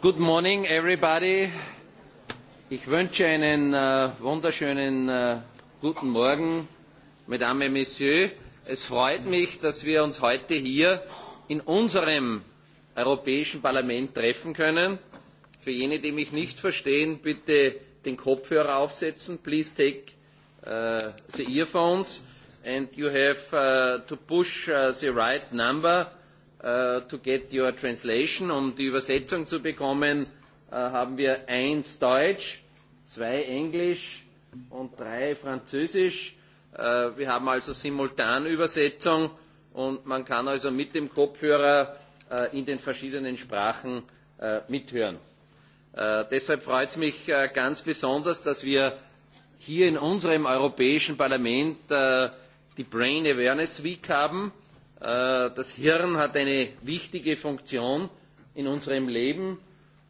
Good morning, everybody. Ich wünsche einen äh, wunderschönen äh, guten Morgen, Mesdames et Messieurs. Es freut mich, dass wir uns heute hier in unserem Europäischen Parlament treffen können. Für jene, die mich nicht verstehen, bitte den Kopfhörer aufsetzen. Please take uh, the earphones and you have uh, to push uh, the right number Äh, to get your translation. Um die Übersetzung zu bekommen, äh, haben wir eins Deutsch, zwei Englisch und drei Französisch. Äh, wir haben also Simultanübersetzung und man kann also mit dem Kopfhörer in den verschiedenen Sprachen mithören. Deshalb freut es mich ganz besonders, dass wir hier in unserem Europäischen Parlament die Brain Awareness Week haben Äh, das Hirn hat eine wichtige Funktion in unserem Leben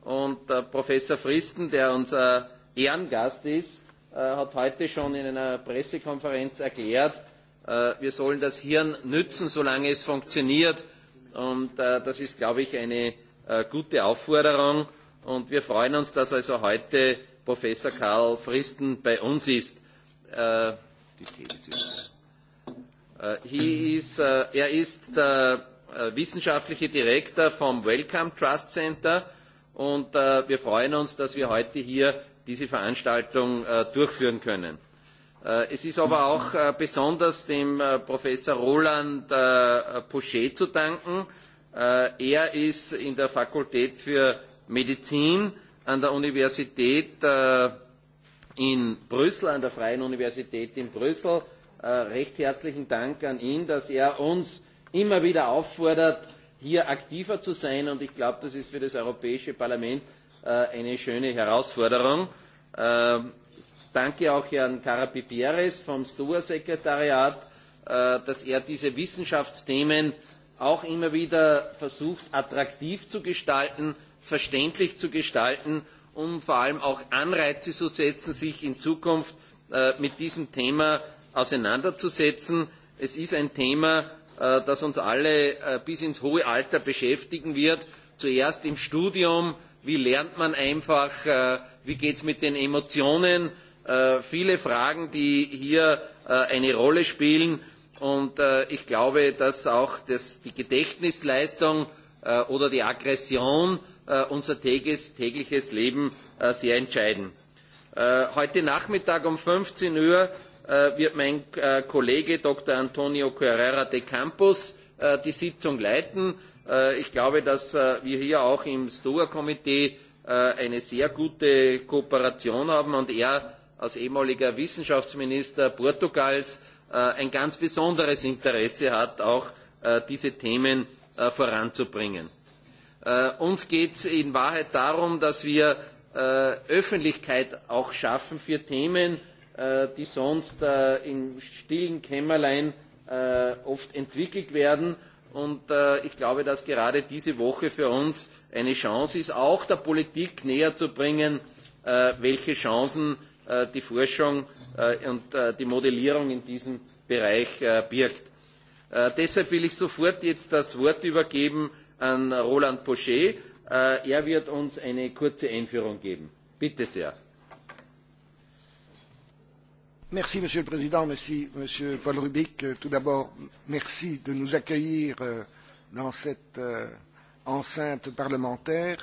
und Professor Fristen, der unser Ehrengast ist, äh, hat heute schon in einer Pressekonferenz erklärt, äh, wir sollen das Hirn nützen, solange es funktioniert. Und das ist, glaube ich, eine gute Aufforderung. Und wir freuen uns, dass also heute Professor Karl Fristen bei uns ist. Die These ist Uh, uh, er ist der uh, wissenschaftliche Direktor vom Wellcome Trust Center und wir freuen uns, dass wir heute hier diese Veranstaltung durchführen können. Es ist aber auch besonders dem Professor Roland Pochet zu danken. Er ist in der Fakultät für Medizin an der Universität in Brüssel, an der Freien Universität in Brüssel, Äh, recht herzlichen Dank an ihn, dass er uns immer wieder auffordert, hier aktiver zu sein. Und ich glaube, das ist für das Europäische Parlament äh, eine schöne Herausforderung. Ähm, danke auch Herrn Carapipieres vom STOA-Sekretariat, äh, dass er diese Wissenschaftsthemen auch immer wieder versucht, attraktiv zu gestalten, verständlich zu gestalten, um vor allem auch Anreize zu setzen, sich in Zukunft mit diesem Thema auseinanderzusetzen. Es ist ein Thema, äh, das uns alle äh, bis ins hohe Alter beschäftigen wird. Zuerst im Studium, wie lernt man einfach, äh, wie geht es mit den Emotionen, viele Fragen, die hier eine Rolle spielen. Und ich glaube, dass auch das, die Gedächtnisleistung oder die Aggression unser tägliches Leben sehr entscheiden. Heute Nachmittag um 15 Uhr Äh, wird mein äh, Kollege Dr. Antonio Carrera de Campos äh, die Sitzung leiten. Ich glaube, dass wir hier auch im STOA-Komitee eine sehr gute Kooperation haben und er als ehemaliger Wissenschaftsminister Portugals ein ganz besonderes Interesse hat, auch diese Themen voranzubringen. Uns geht es in Wahrheit darum, dass wir Öffentlichkeit auch schaffen für Themen, Äh, die sonst äh, im stillen Kämmerlein äh, oft entwickelt werden. Und ich glaube, dass gerade diese Woche für uns eine Chance ist, auch der Politik näher zu bringen, welche Chancen die Forschung und die Modellierung in diesem Bereich birgt. Deshalb will ich sofort jetzt das Wort übergeben an Roland Pochet. Er wird uns eine kurze Einführung geben. Bitte sehr. Merci, Monsieur le Président. Merci, Monsieur Paul Rubic. Euh, tout d'abord, merci de nous accueillir euh, dans cette euh, enceinte parlementaire.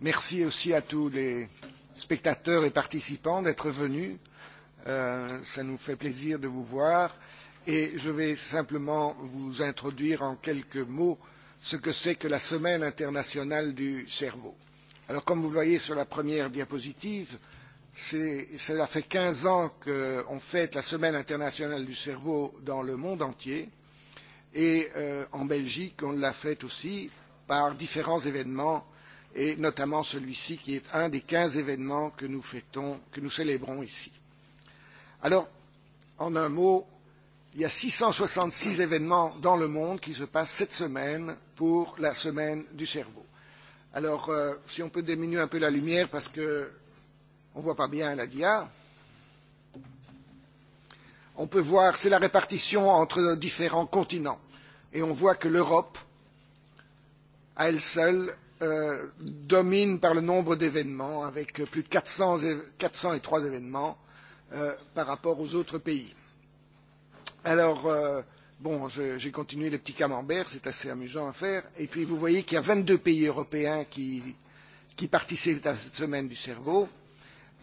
Merci aussi à tous les spectateurs et participants d'être venus. Euh, ça nous fait plaisir de vous voir. Et je vais simplement vous introduire en quelques mots ce que c'est que la Semaine internationale du cerveau. Alors, comme vous le voyez sur la première diapositive, euh, Cela fait 15 ans qu'on fête la Semaine internationale du cerveau dans le monde entier. Et euh, en Belgique, on l'a fête aussi par différents événements, et notamment celui-ci qui est un des 15 événements que nous fêtons, que nous célébrons ici. Alors, en un mot, il y a 666 événements dans le monde qui se passent cette semaine pour la semaine du cerveau. Alors, euh, si on peut diminuer un peu la lumière, parce que On ne voit pas bien la DIA. On peut voir, c'est la répartition entre différents continents. Et on voit que l'Europe, à elle seule, euh, domine par le nombre d'événements, avec plus de 400, et, 403 événements euh, par rapport aux autres pays. Alors, euh, bon, j'ai continué les petits camemberts, c'est assez amusant à faire. Et puis, vous voyez qu'il y a 22 pays européens qui, qui participent à cette semaine du cerveau.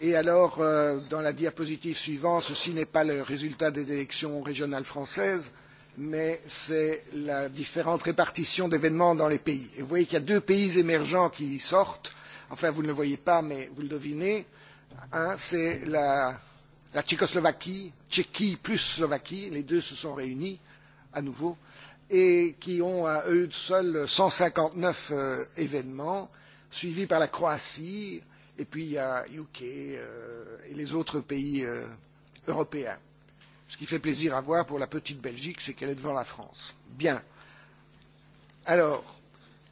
Et alors, euh, dans la diapositive suivante, ceci n'est pas le résultat des élections régionales françaises, mais c'est la différente répartition d'événements dans les pays. Et vous voyez qu'il y a deux pays émergents qui sortent. Enfin, vous ne le voyez pas, mais vous le devinez. Un, c'est la, la Tchécoslovaquie, Tchéquie plus Slovaquie, les deux se sont réunis à nouveau, et qui ont à eux seuls 159 euh, événements, suivis par la Croatie, et puis il y a UK euh, et les autres pays euh, européens. Ce qui fait plaisir à voir pour la petite Belgique, c'est qu'elle est devant la France. Bien. Alors,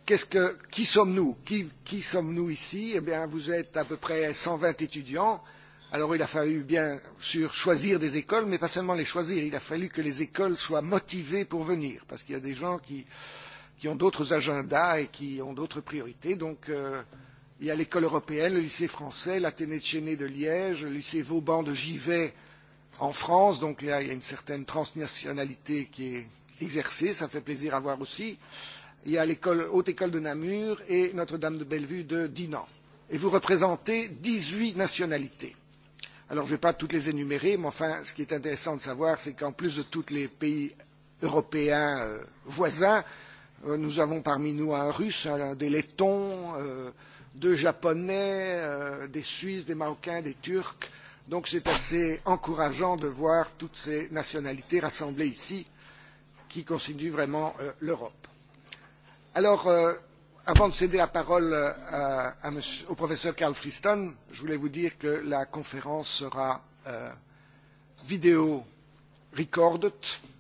qu que, qui sommes-nous Qui, qui sommes-nous ici Eh bien, vous êtes à peu près 120 étudiants. Alors, il a fallu bien sûr choisir des écoles, mais pas seulement les choisir. Il a fallu que les écoles soient motivées pour venir, parce qu'il y a des gens qui, qui ont d'autres agendas et qui ont d'autres priorités. Donc, euh, et à l'école européenne, le lycée français, l'Athénée de Chénet de Liège, le lycée Vauban de Givet en France. Donc là, il y a une certaine transnationalité qui est exercée, ça fait plaisir à voir aussi. Il y a l'école, Haute École de Namur et Notre-Dame de Bellevue de Dinan. Et vous représentez 18 nationalités. Alors je ne vais pas toutes les énumérer, mais enfin, ce qui est intéressant de savoir, c'est qu'en plus de tous les pays européens euh, voisins, euh, nous avons parmi nous un russe, un, des lettons, euh, de Japonais, euh, des Suisses, des Marocains, des Turcs. Donc c'est assez encourageant de voir toutes ces nationalités rassemblées ici, qui constituent vraiment euh, l'Europe. Alors, euh, avant de céder la parole euh, à, à monsieur, au professeur Karl Friston, je voulais vous dire que la conférence sera euh, vidéo recorded,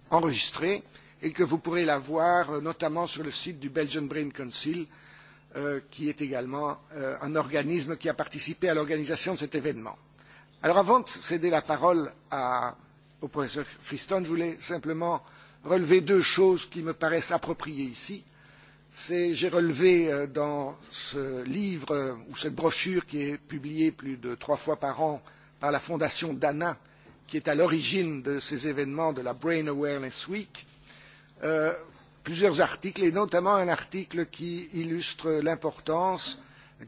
enregistrée, et que vous pourrez la voir euh, notamment sur le site du Belgian Brain Council, Euh, qui est également euh, un organisme qui a participé à l'organisation de cet événement. Alors avant de céder la parole à, au professeur Friston, je voulais simplement relever deux choses qui me paraissent appropriées ici. C'est, j'ai relevé euh, dans ce livre euh, ou cette brochure qui est publiée plus de trois fois par an par la fondation Dana, qui est à l'origine de ces événements de la Brain Awareness Week, euh, plusieurs articles, et notamment un article qui illustre l'importance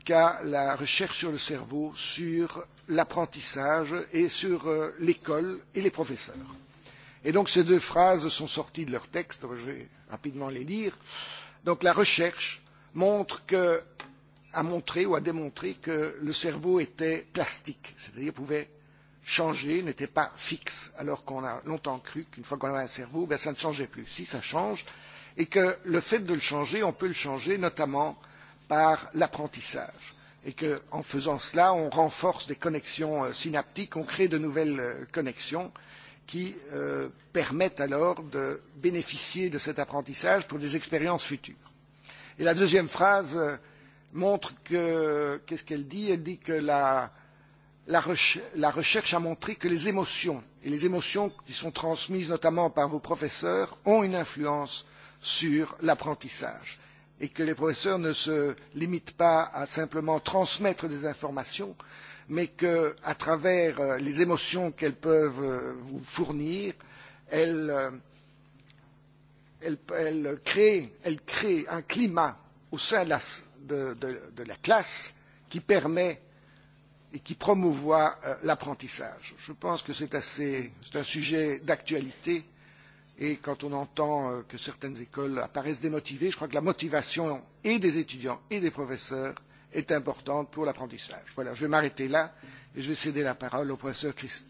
qu'a la recherche sur le cerveau, sur l'apprentissage et sur euh, l'école et les professeurs. Et donc ces deux phrases sont sorties de leur texte, je vais rapidement les lire. Donc la recherche montre que, a montré ou a démontré que le cerveau était plastique, c'est-à-dire pouvait changer, n'était pas fixe, alors qu'on a longtemps cru qu'une fois qu'on avait un cerveau, ben, ça ne changeait plus. Si ça change, et que le fait de le changer, on peut le changer notamment par l'apprentissage et que, en faisant cela, on renforce des connexions euh, synaptiques, on crée de nouvelles euh, connexions qui euh, permettent alors de bénéficier de cet apprentissage pour des expériences futures. Et la deuxième phrase euh, montre que, qu'est-ce qu'elle dit Elle dit que la, la, reche la recherche a montré que les émotions, et les émotions qui sont transmises notamment par vos professeurs, ont une influence sur l'apprentissage et que les professeurs ne se limitent pas à simplement transmettre des informations, mais que, à travers euh, les émotions qu'elles peuvent euh, vous fournir, elles, euh, elles, elles, créent, elles créent un climat au sein de la, de, de, de la classe qui permet et qui promouvoit l'apprentissage. Je pense que c'est un sujet d'actualité Et quand on entend euh, que certaines écoles apparaissent démotivées, je crois que la motivation et des étudiants et des professeurs est importante pour l'apprentissage. Voilà, je vais m'arrêter là et je vais céder la parole au professeur Chris,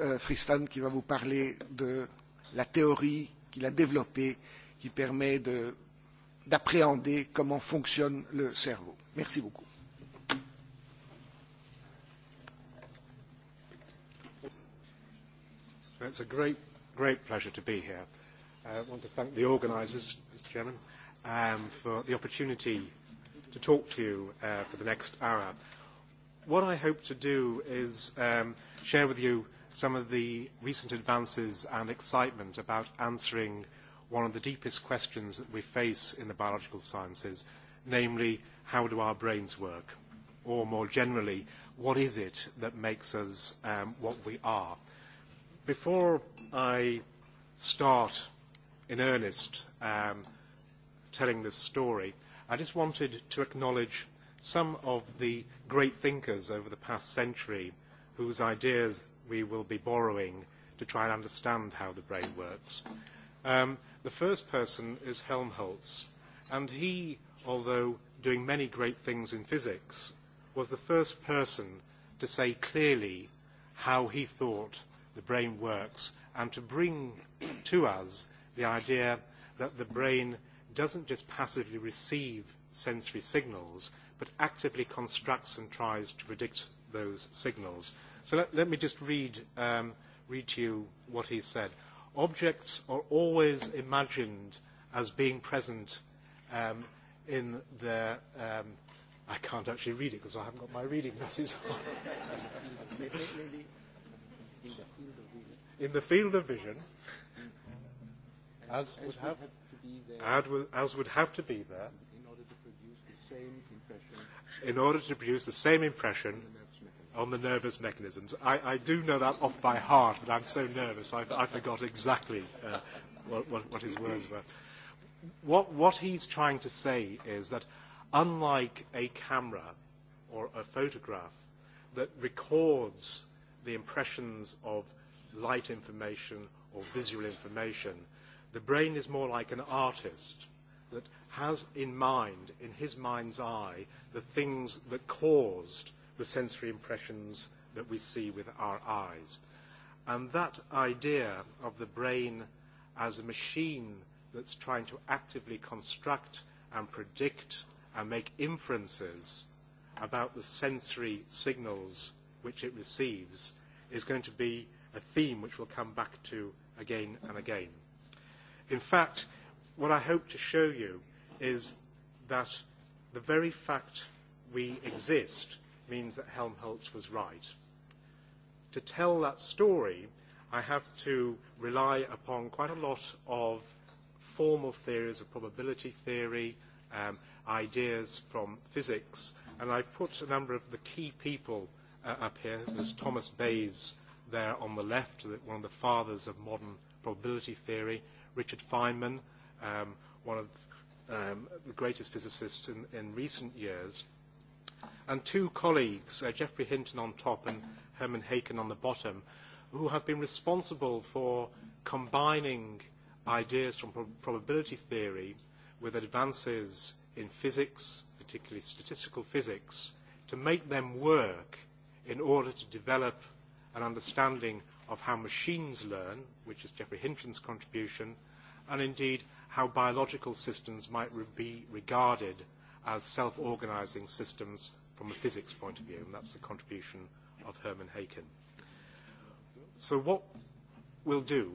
euh, Fristan qui va vous parler de la théorie qu'il a développée qui permet d'appréhender comment fonctionne le cerveau. Merci beaucoup. That's a great great pleasure to be here. Uh, I want to thank the organisers, Mr Chairman, um, for the opportunity to talk to you uh, for the next hour. What I hope to do is um, share with you some of the recent advances and excitement about answering one of the deepest questions that we face in the biological sciences, namely, how do our brains work? Or more generally, what is it that makes us um, what we are? Before I start in earnest um, telling this story, I just wanted to acknowledge some of the great thinkers over the past century whose ideas we will be borrowing to try and understand how the brain works. Um, the first person is Helmholtz, and he, although doing many great things in physics, was the first person to say clearly how he thought the brain works and to bring to us the idea that the brain doesn't just passively receive sensory signals but actively constructs and tries to predict those signals. So let, let me just read, um, read to you what he said. Objects are always imagined as being present um, in their um, I can't actually read it because I haven't got my reading glasses on. in the field of vision, as, would, have, have to be there, as, would, as would have to be there, in order to produce the same impression, in order to produce the same impression on the nervous mechanisms. I, I do know that off by heart, but I'm so nervous I, I forgot exactly uh, what, what, what his words were. What, what he's trying to say is that unlike a camera or a photograph that records the impressions of light information or visual information. The brain is more like an artist that has in mind, in his mind's eye, the things that caused the sensory impressions that we see with our eyes. And that idea of the brain as a machine that's trying to actively construct and predict and make inferences about the sensory signals which it receives is going to be a theme which we'll come back to again and again. In fact, what I hope to show you is that the very fact we exist means that Helmholtz was right. To tell that story, I have to rely upon quite a lot of formal theories of probability theory, um, ideas from physics, and I've put a number of the key people uh, up here. There's Thomas Bayes, there on the left, one of the fathers of modern probability theory, Richard Feynman, um, one of um, the greatest physicists in, in recent years, and two colleagues, uh, Jeffrey Hinton on top and Herman Haken on the bottom, who have been responsible for combining ideas from prob probability theory with advances in physics, particularly statistical physics, to make them work in order to develop an understanding of how machines learn, which is Geoffrey Hinton's contribution, and indeed how biological systems might re be regarded as self-organizing systems from a physics point of view, and that's the contribution of Herman Haken. So what we'll do,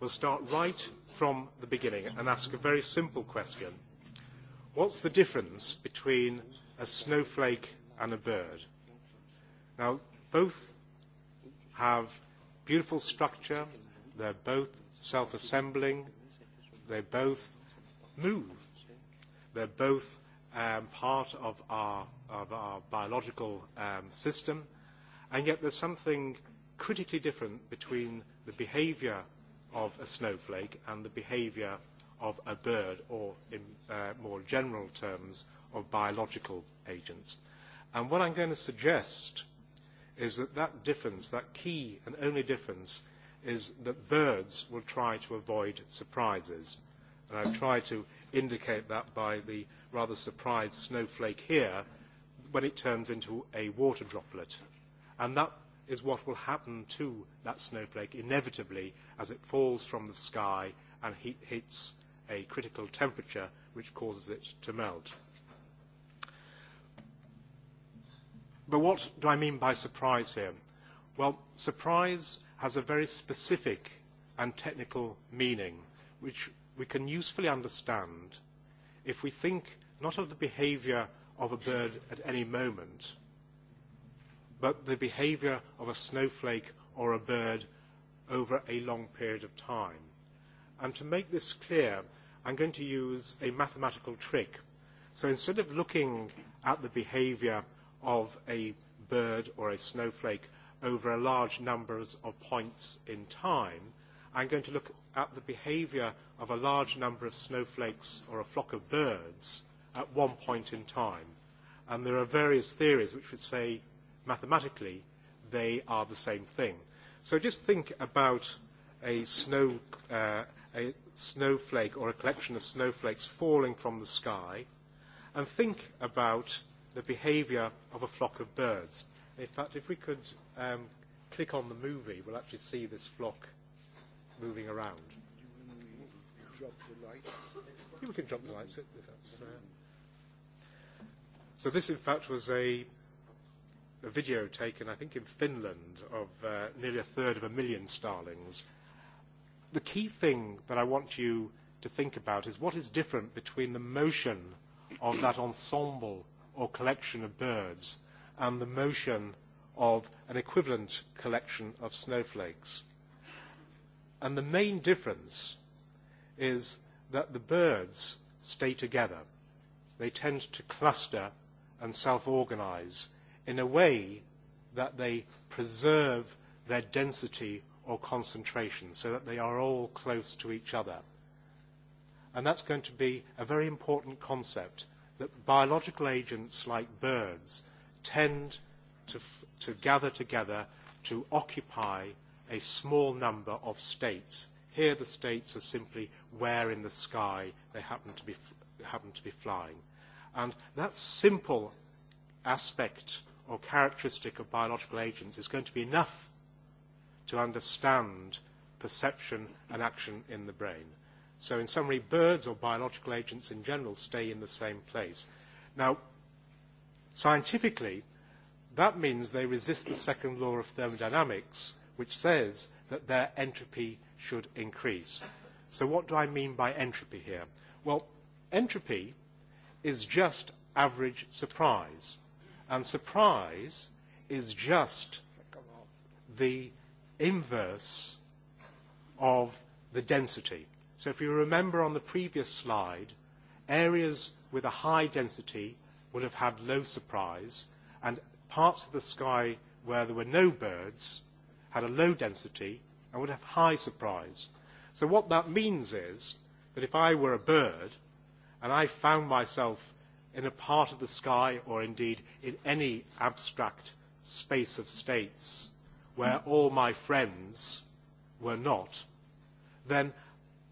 we'll start right from the beginning and ask a very simple question. What's the difference between a snowflake and a bird? Now, both have beautiful structure, they're both self-assembling, they both move, they're both um, part of our, of our biological um, system, and yet there's something critically different between the behaviour of a snowflake and the behaviour of a bird, or in uh, more general terms, of biological agents. And what I'm going to suggest is that that difference, that key and only difference, is that birds will try to avoid surprises. And I've tried to indicate that by the rather surprised snowflake here when it turns into a water droplet. And that is what will happen to that snowflake inevitably as it falls from the sky and hits a critical temperature which causes it to melt. But what do I mean by surprise here? Well, surprise has a very specific and technical meaning, which we can usefully understand if we think not of the behaviour of a bird at any moment, but the behaviour of a snowflake or a bird over a long period of time. And to make this clear, I'm going to use a mathematical trick. So instead of looking at the behaviour of a bird or a snowflake over a large number of points in time, I'm going to look at the behaviour of a large number of snowflakes or a flock of birds at one point in time. And there are various theories which would say, mathematically, they are the same thing. So just think about a, snow, uh, a snowflake or a collection of snowflakes falling from the sky and think about the behaviour of a flock of birds. In fact, if we could um, click on the movie, we'll actually see this flock moving around. Yeah, we can drop the lights if that's. Uh... So this, in fact, was a, a video taken, I think, in Finland of uh, nearly a third of a million starlings. The key thing that I want you to think about is what is different between the motion of that ensemble or collection of birds and the motion of an equivalent collection of snowflakes. And the main difference is that the birds stay together. They tend to cluster and self-organize in a way that they preserve their density or concentration so that they are all close to each other. And that's going to be a very important concept that biological agents like birds tend to, to gather together to occupy a small number of states. Here the states are simply where in the sky they happen to be, happen to be flying. And that simple aspect or characteristic of biological agents is going to be enough to understand perception and action in the brain. So in summary, birds or biological agents in general stay in the same place. Now, scientifically, that means they resist the second law of thermodynamics, which says that their entropy should increase. So what do I mean by entropy here? Well, entropy is just average surprise. And surprise is just the inverse of the density. So if you remember on the previous slide, areas with a high density would have had low surprise, and parts of the sky where there were no birds had a low density and would have high surprise. So what that means is that if I were a bird and I found myself in a part of the sky or indeed in any abstract space of states where all my friends were not, then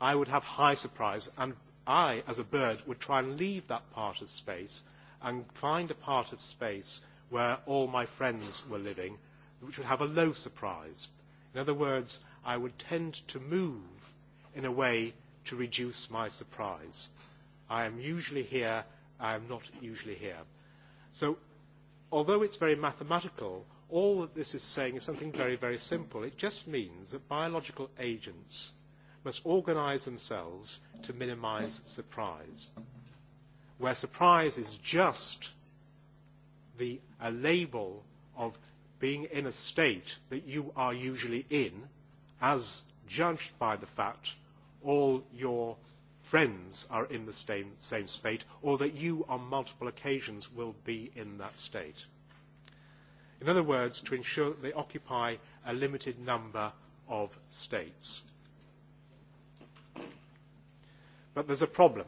i would have high surprise, and I, as a bird, would try and leave that part of space and find a part of space where all my friends were living, which would have a low surprise. In other words, I would tend to move in a way to reduce my surprise. I am usually here, I am not usually here. So, although it's very mathematical, all that this is saying is something very, very simple. It just means that biological agents must organise themselves to minimise surprise. Where surprise is just the, a label of being in a state that you are usually in, as judged by the fact all your friends are in the same, same state, or that you on multiple occasions will be in that state. In other words, to ensure that they occupy a limited number of states. But there's a problem.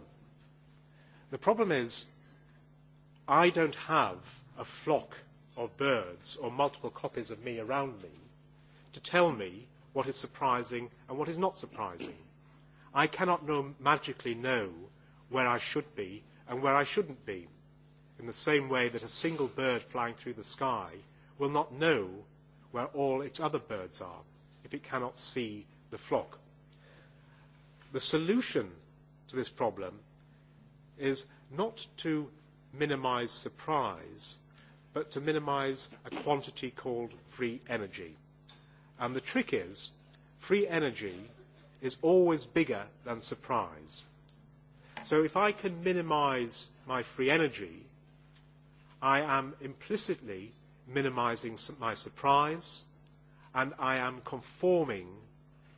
The problem is I don't have a flock of birds or multiple copies of me around me to tell me what is surprising and what is not surprising. I cannot know, magically know where I should be and where I shouldn't be, in the same way that a single bird flying through the sky will not know where all its other birds are if it cannot see the flock. The solution to this problem is not to minimize surprise, but to minimize a quantity called free energy. And the trick is, free energy is always bigger than surprise. So if I can minimize my free energy, I am implicitly minimizing my surprise, and I am conforming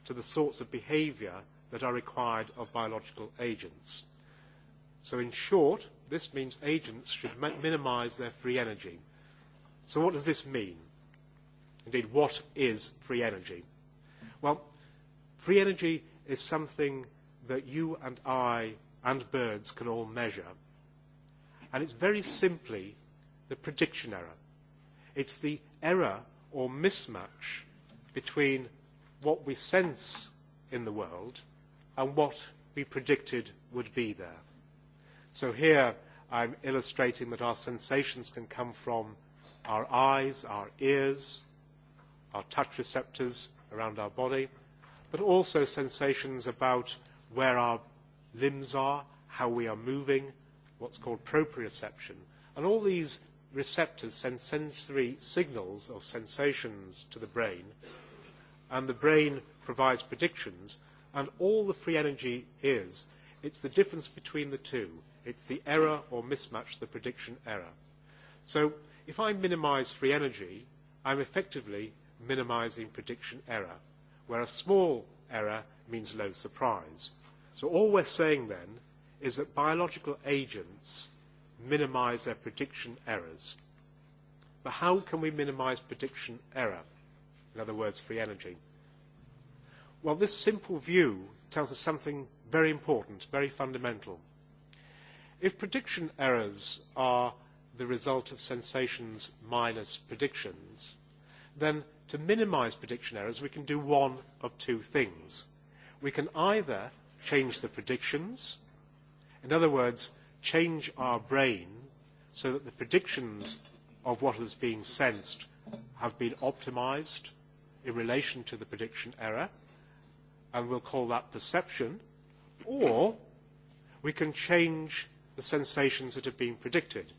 to the sorts of behaviour that are required of biological agents. So in short, this means agents should minimise their free energy. So what does this mean? Indeed, what is free energy? Well, free energy is something that you and I and birds can all measure. And it's very simply the prediction error. It's the error or mismatch between what we sense in the world – and what we predicted would be there. So here I'm illustrating that our sensations can come from our eyes, our ears, our touch receptors around our body, but also sensations about where our limbs are, how we are moving, what's called proprioception. And all these receptors send sensory signals or sensations to the brain, and the brain provides predictions And all the free energy is, it's the difference between the two. It's the error or mismatch, the prediction error. So if I minimise free energy, I'm effectively minimising prediction error, where a small error means low no surprise. So all we're saying then is that biological agents minimise their prediction errors. But how can we minimise prediction error? In other words, free energy. Well, this simple view tells us something very important, very fundamental. If prediction errors are the result of sensations minus predictions, then to minimize prediction errors, we can do one of two things. We can either change the predictions, in other words, change our brain so that the predictions of what is being sensed have been optimized in relation to the prediction error, and we'll call that perception, or we can change the sensations that have been predicted.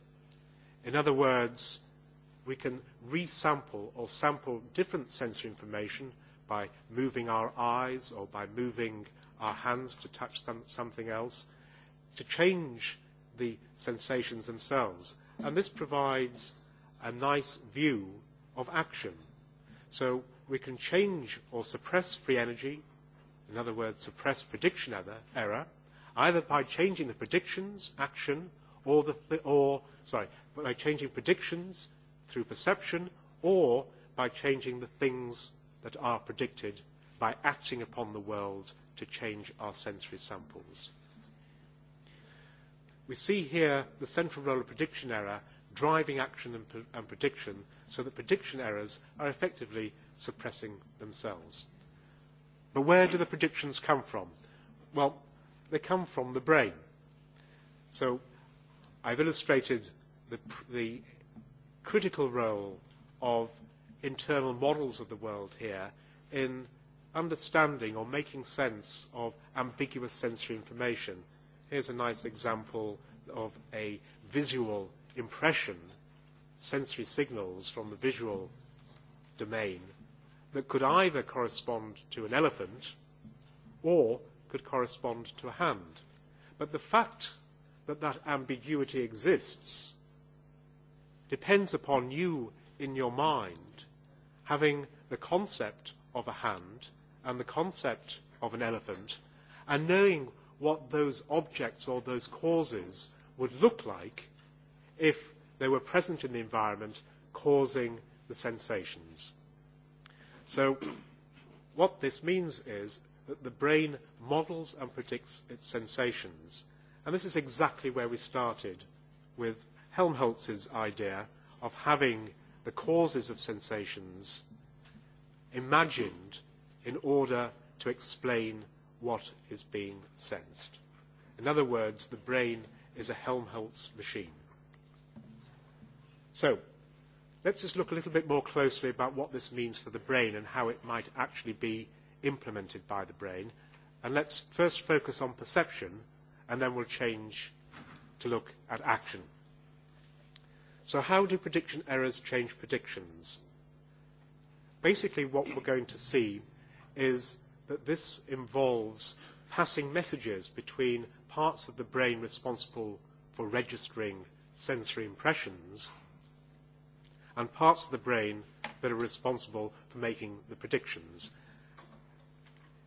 In other words, we can resample or sample different sensory information by moving our eyes or by moving our hands to touch some, something else to change the sensations themselves. And this provides a nice view of action. So we can change or suppress free energy, in other words, suppress prediction error, either by changing the predictions action or, the th- or sorry, by changing predictions through perception or by changing the things that are predicted by acting upon the world to change our sensory samples. We see here the central role of prediction error driving action and, and prediction so that prediction errors are effectively suppressing themselves. But where do the predictions come from? Well, they come from the brain. So I've illustrated the, the critical role of internal models of the world here in understanding or making sense of ambiguous sensory information. Here's a nice example of a visual impression, sensory signals from the visual domain that could either correspond to an elephant or could correspond to a hand. But the fact that that ambiguity exists depends upon you in your mind having the concept of a hand and the concept of an elephant and knowing what those objects or those causes would look like if they were present in the environment causing the sensations. So what this means is that the brain models and predicts its sensations. And this is exactly where we started with Helmholtz's idea of having the causes of sensations imagined in order to explain what is being sensed. In other words, the brain is a Helmholtz machine. So Let's just look a little bit more closely about what this means for the brain and how it might actually be implemented by the brain. And let's first focus on perception, and then we'll change to look at action. So how do prediction errors change predictions? Basically, what we're going to see is that this involves passing messages between parts of the brain responsible for registering sensory impressions – and parts of the brain that are responsible for making the predictions.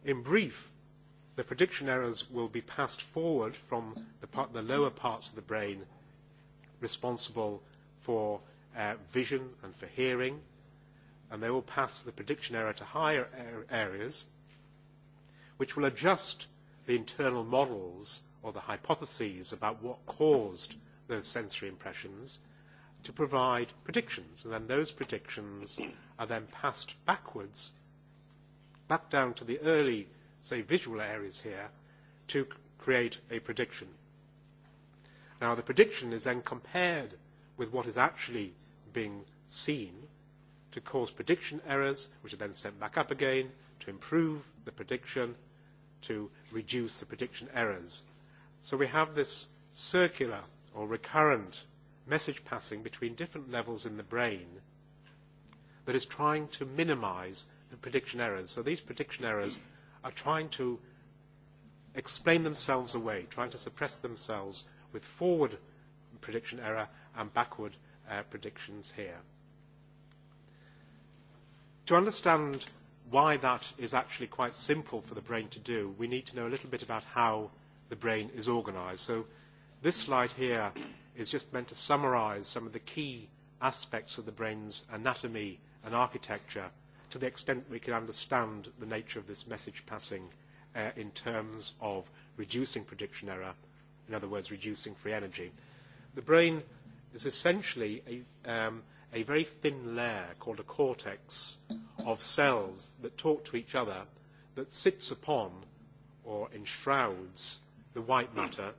In brief, the prediction errors will be passed forward from the, part, the lower parts of the brain responsible for uh, vision and for hearing, and they will pass the prediction error to higher er areas, which will adjust the internal models or the hypotheses about what caused those sensory impressions to provide predictions, and then those predictions are then passed backwards, back down to the early, say, visual areas here, to create a prediction. Now, the prediction is then compared with what is actually being seen to cause prediction errors, which are then sent back up again to improve the prediction, to reduce the prediction errors. So we have this circular or recurrent message passing between different levels in the brain that is trying to minimize the prediction errors. So these prediction errors are trying to explain themselves away, trying to suppress themselves with forward prediction error and backward uh, predictions here. To understand why that is actually quite simple for the brain to do, we need to know a little bit about how the brain is organized. So This slide here is just meant to summarize some of the key aspects of the brain's anatomy and architecture to the extent we can understand the nature of this message passing uh, in terms of reducing prediction error, in other words, reducing free energy. The brain is essentially a, um, a very thin layer called a cortex of cells that talk to each other that sits upon or enshrouds the white matter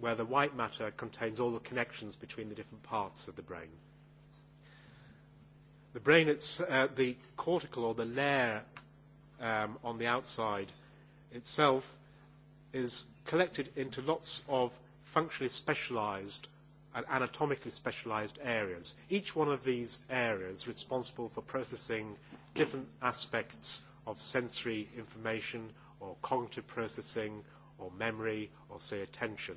where the white matter contains all the connections between the different parts of the brain. The brain, it's, uh, the cortical or the layer um, on the outside itself is collected into lots of functionally specialized and anatomically specialized areas. Each one of these areas responsible for processing different aspects of sensory information or cognitive processing or memory or say attention.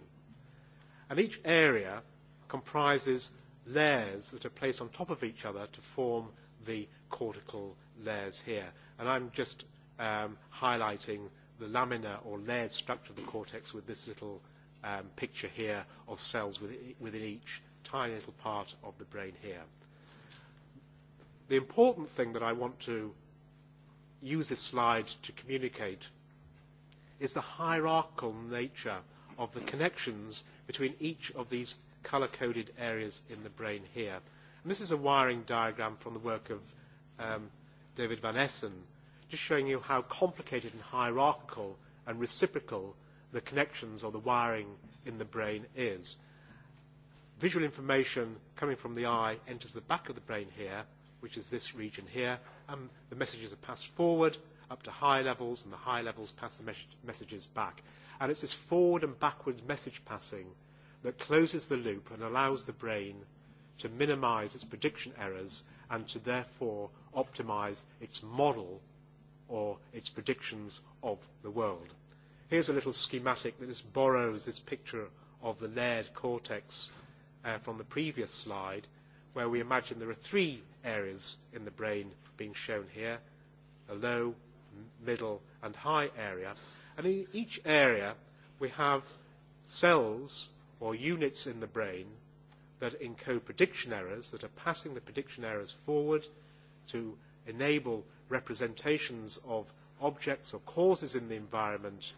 And each area comprises layers that are placed on top of each other to form the cortical layers here. And I'm just um, highlighting the laminar or layered structure of the cortex with this little um, picture here of cells within, within each tiny little part of the brain here. The important thing that I want to use this slide to communicate is the hierarchical nature of the connections between each of these colour-coded areas in the brain here. And this is a wiring diagram from the work of um, David Van Essen, just showing you how complicated and hierarchical and reciprocal the connections or the wiring in the brain is. Visual information coming from the eye enters the back of the brain here, which is this region here, and the messages are passed forward up to high levels, and the high levels pass the mes- messages back. And it's this forward and backwards message passing that closes the loop and allows the brain to minimize its prediction errors and to therefore optimize its model or its predictions of the world. Here's a little schematic that just borrows this picture of the layered cortex uh, from the previous slide, where we imagine there are three areas in the brain being shown here, a low, middle and high area. And in each area, we have cells or units in the brain that encode prediction errors, that are passing the prediction errors forward to enable representations of objects or causes in the environment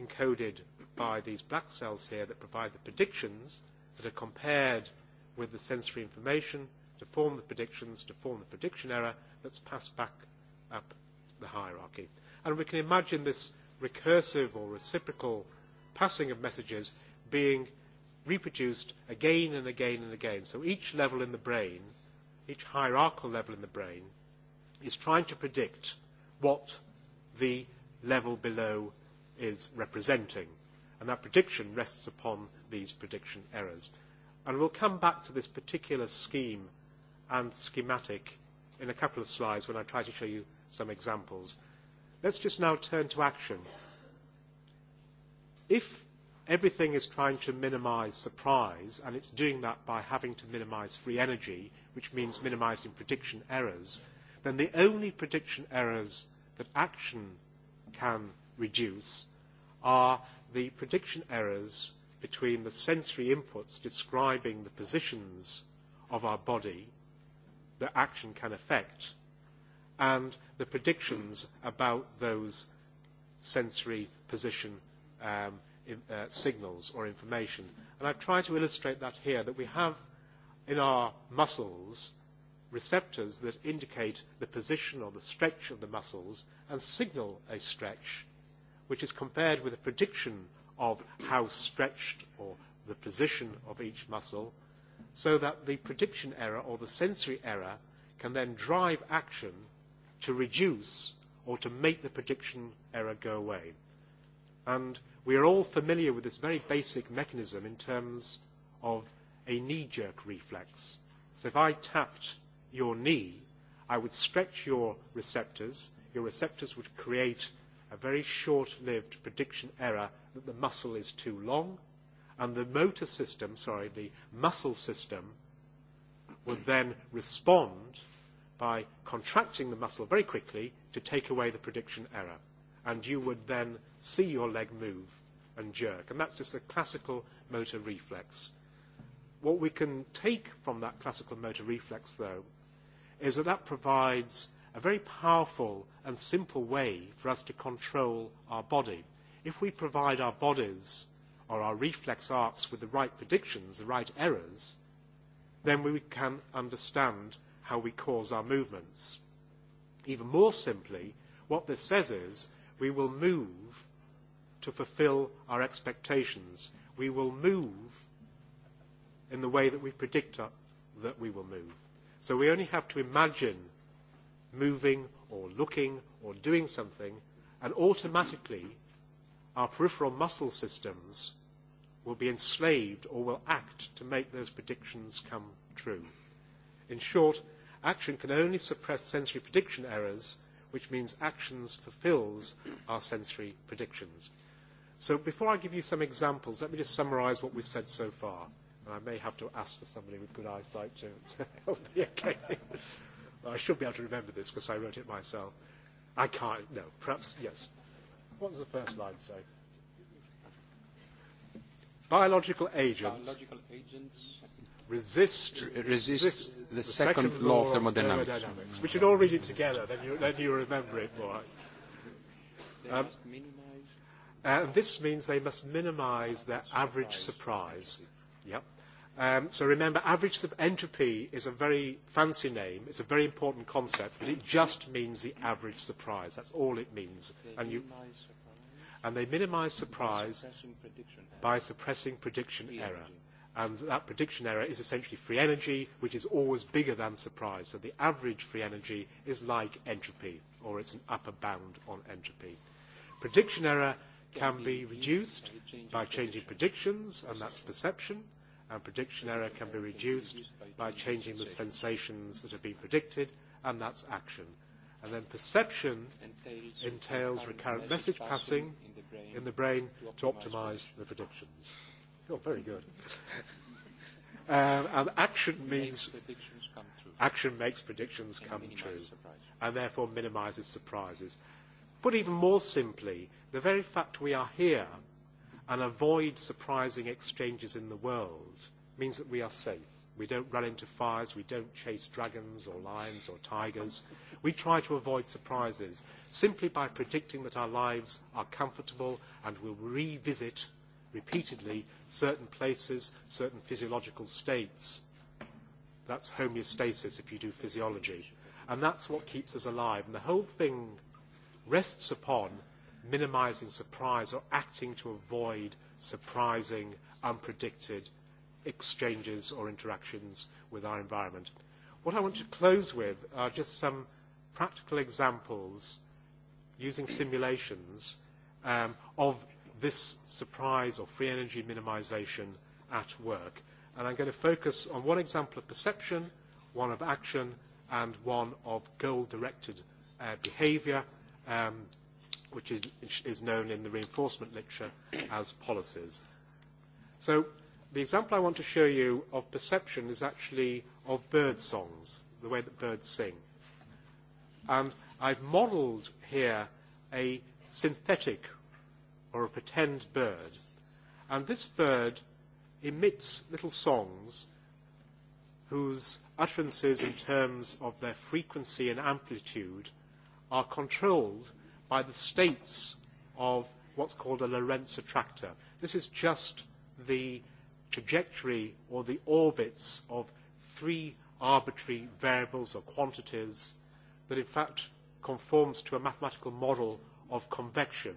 encoded by these black cells here that provide the predictions that are compared with the sensory information to form the predictions, to form the prediction error that's passed back up the hierarchy. And we can imagine this recursive or reciprocal passing of messages being reproduced again and again and again. So each level in the brain, each hierarchical level in the brain, is trying to predict what the level below is representing. And that prediction rests upon these prediction errors. And we'll come back to this particular scheme and schematic in a couple of slides when I try to show you some examples. Let's just now turn to action. If everything is trying to minimise surprise, and it's doing that by having to minimise free energy, which means minimising prediction errors, then the only prediction errors that action can reduce are the prediction errors between the sensory inputs describing the positions of our body that action can affect and the predictions about those sensory position um, in, uh, signals or information. And I've tried to illustrate that here, that we have in our muscles receptors that indicate the position or the stretch of the muscles and signal a stretch, which is compared with a prediction of how stretched or the position of each muscle, so that the prediction error or the sensory error can then drive action to reduce or to make the prediction error go away. And we are all familiar with this very basic mechanism in terms of a knee-jerk reflex. So if I tapped your knee, I would stretch your receptors. Your receptors would create a very short-lived prediction error that the muscle is too long, and the motor system, sorry, the muscle system would then respond by contracting the muscle very quickly to take away the prediction error. And you would then see your leg move and jerk. And that's just a classical motor reflex. What we can take from that classical motor reflex, though, is that that provides a very powerful and simple way for us to control our body. If we provide our bodies or our reflex arcs with the right predictions, the right errors, then we can understand how we cause our movements. Even more simply, what this says is we will move to fulfill our expectations. We will move in the way that we predict our, that we will move. So we only have to imagine moving or looking or doing something, and automatically our peripheral muscle systems will be enslaved or will act to make those predictions come true. In short, Action can only suppress sensory prediction errors, which means actions fulfills our sensory predictions. So before I give you some examples, let me just summarise what we've said so far. And I may have to ask for somebody with good eyesight to, to help me again. I should be able to remember this because I wrote it myself. I can't, no, perhaps, yes. What does the first line say? Biological agents. Biological agents resist, resist, resist the, the second, second law, law of thermodynamics. thermodynamics We should all read it together, then you, then you remember it more. Um, and this means they must minimise their average surprise. Yep. Um, so remember, average entropy is a very fancy name. It's a very important concept, but it just means the average surprise. That's all it means. And you, and they minimise surprise by suppressing prediction error and that prediction error is essentially free energy, which is always bigger than surprise. So the average free energy is like entropy, or it's an upper bound on entropy. Prediction error can be reduced by changing predictions, and that's perception, and prediction error can be reduced by changing the sensations that have been predicted, and that's action. And then perception entails recurrent message passing in the brain to optimize the predictions. Oh, very good. um, and action means action makes predictions come true, and therefore minimises surprises. But even more simply, the very fact we are here and avoid surprising exchanges in the world means that we are safe. We don't run into fires, we don't chase dragons or lions or tigers. We try to avoid surprises simply by predicting that our lives are comfortable and we'll revisit repeatedly certain places, certain physiological states. That's homeostasis if you do physiology. And that's what keeps us alive. And the whole thing rests upon minimizing surprise or acting to avoid surprising, unpredicted exchanges or interactions with our environment. What I want to close with are just some practical examples using simulations um, of this surprise or free energy minimisation at work. And I'm going to focus on one example of perception, one of action, and one of goal-directed uh, behaviour, um, which is, is known in the reinforcement literature as policies. So the example I want to show you of perception is actually of bird songs, the way that birds sing. And I've modelled here a synthetic or a pretend bird. And this bird emits little songs whose utterances in terms of their frequency and amplitude are controlled by the states of what's called a Lorentz attractor. This is just the trajectory or the orbits of three arbitrary variables or quantities that in fact conforms to a mathematical model of convection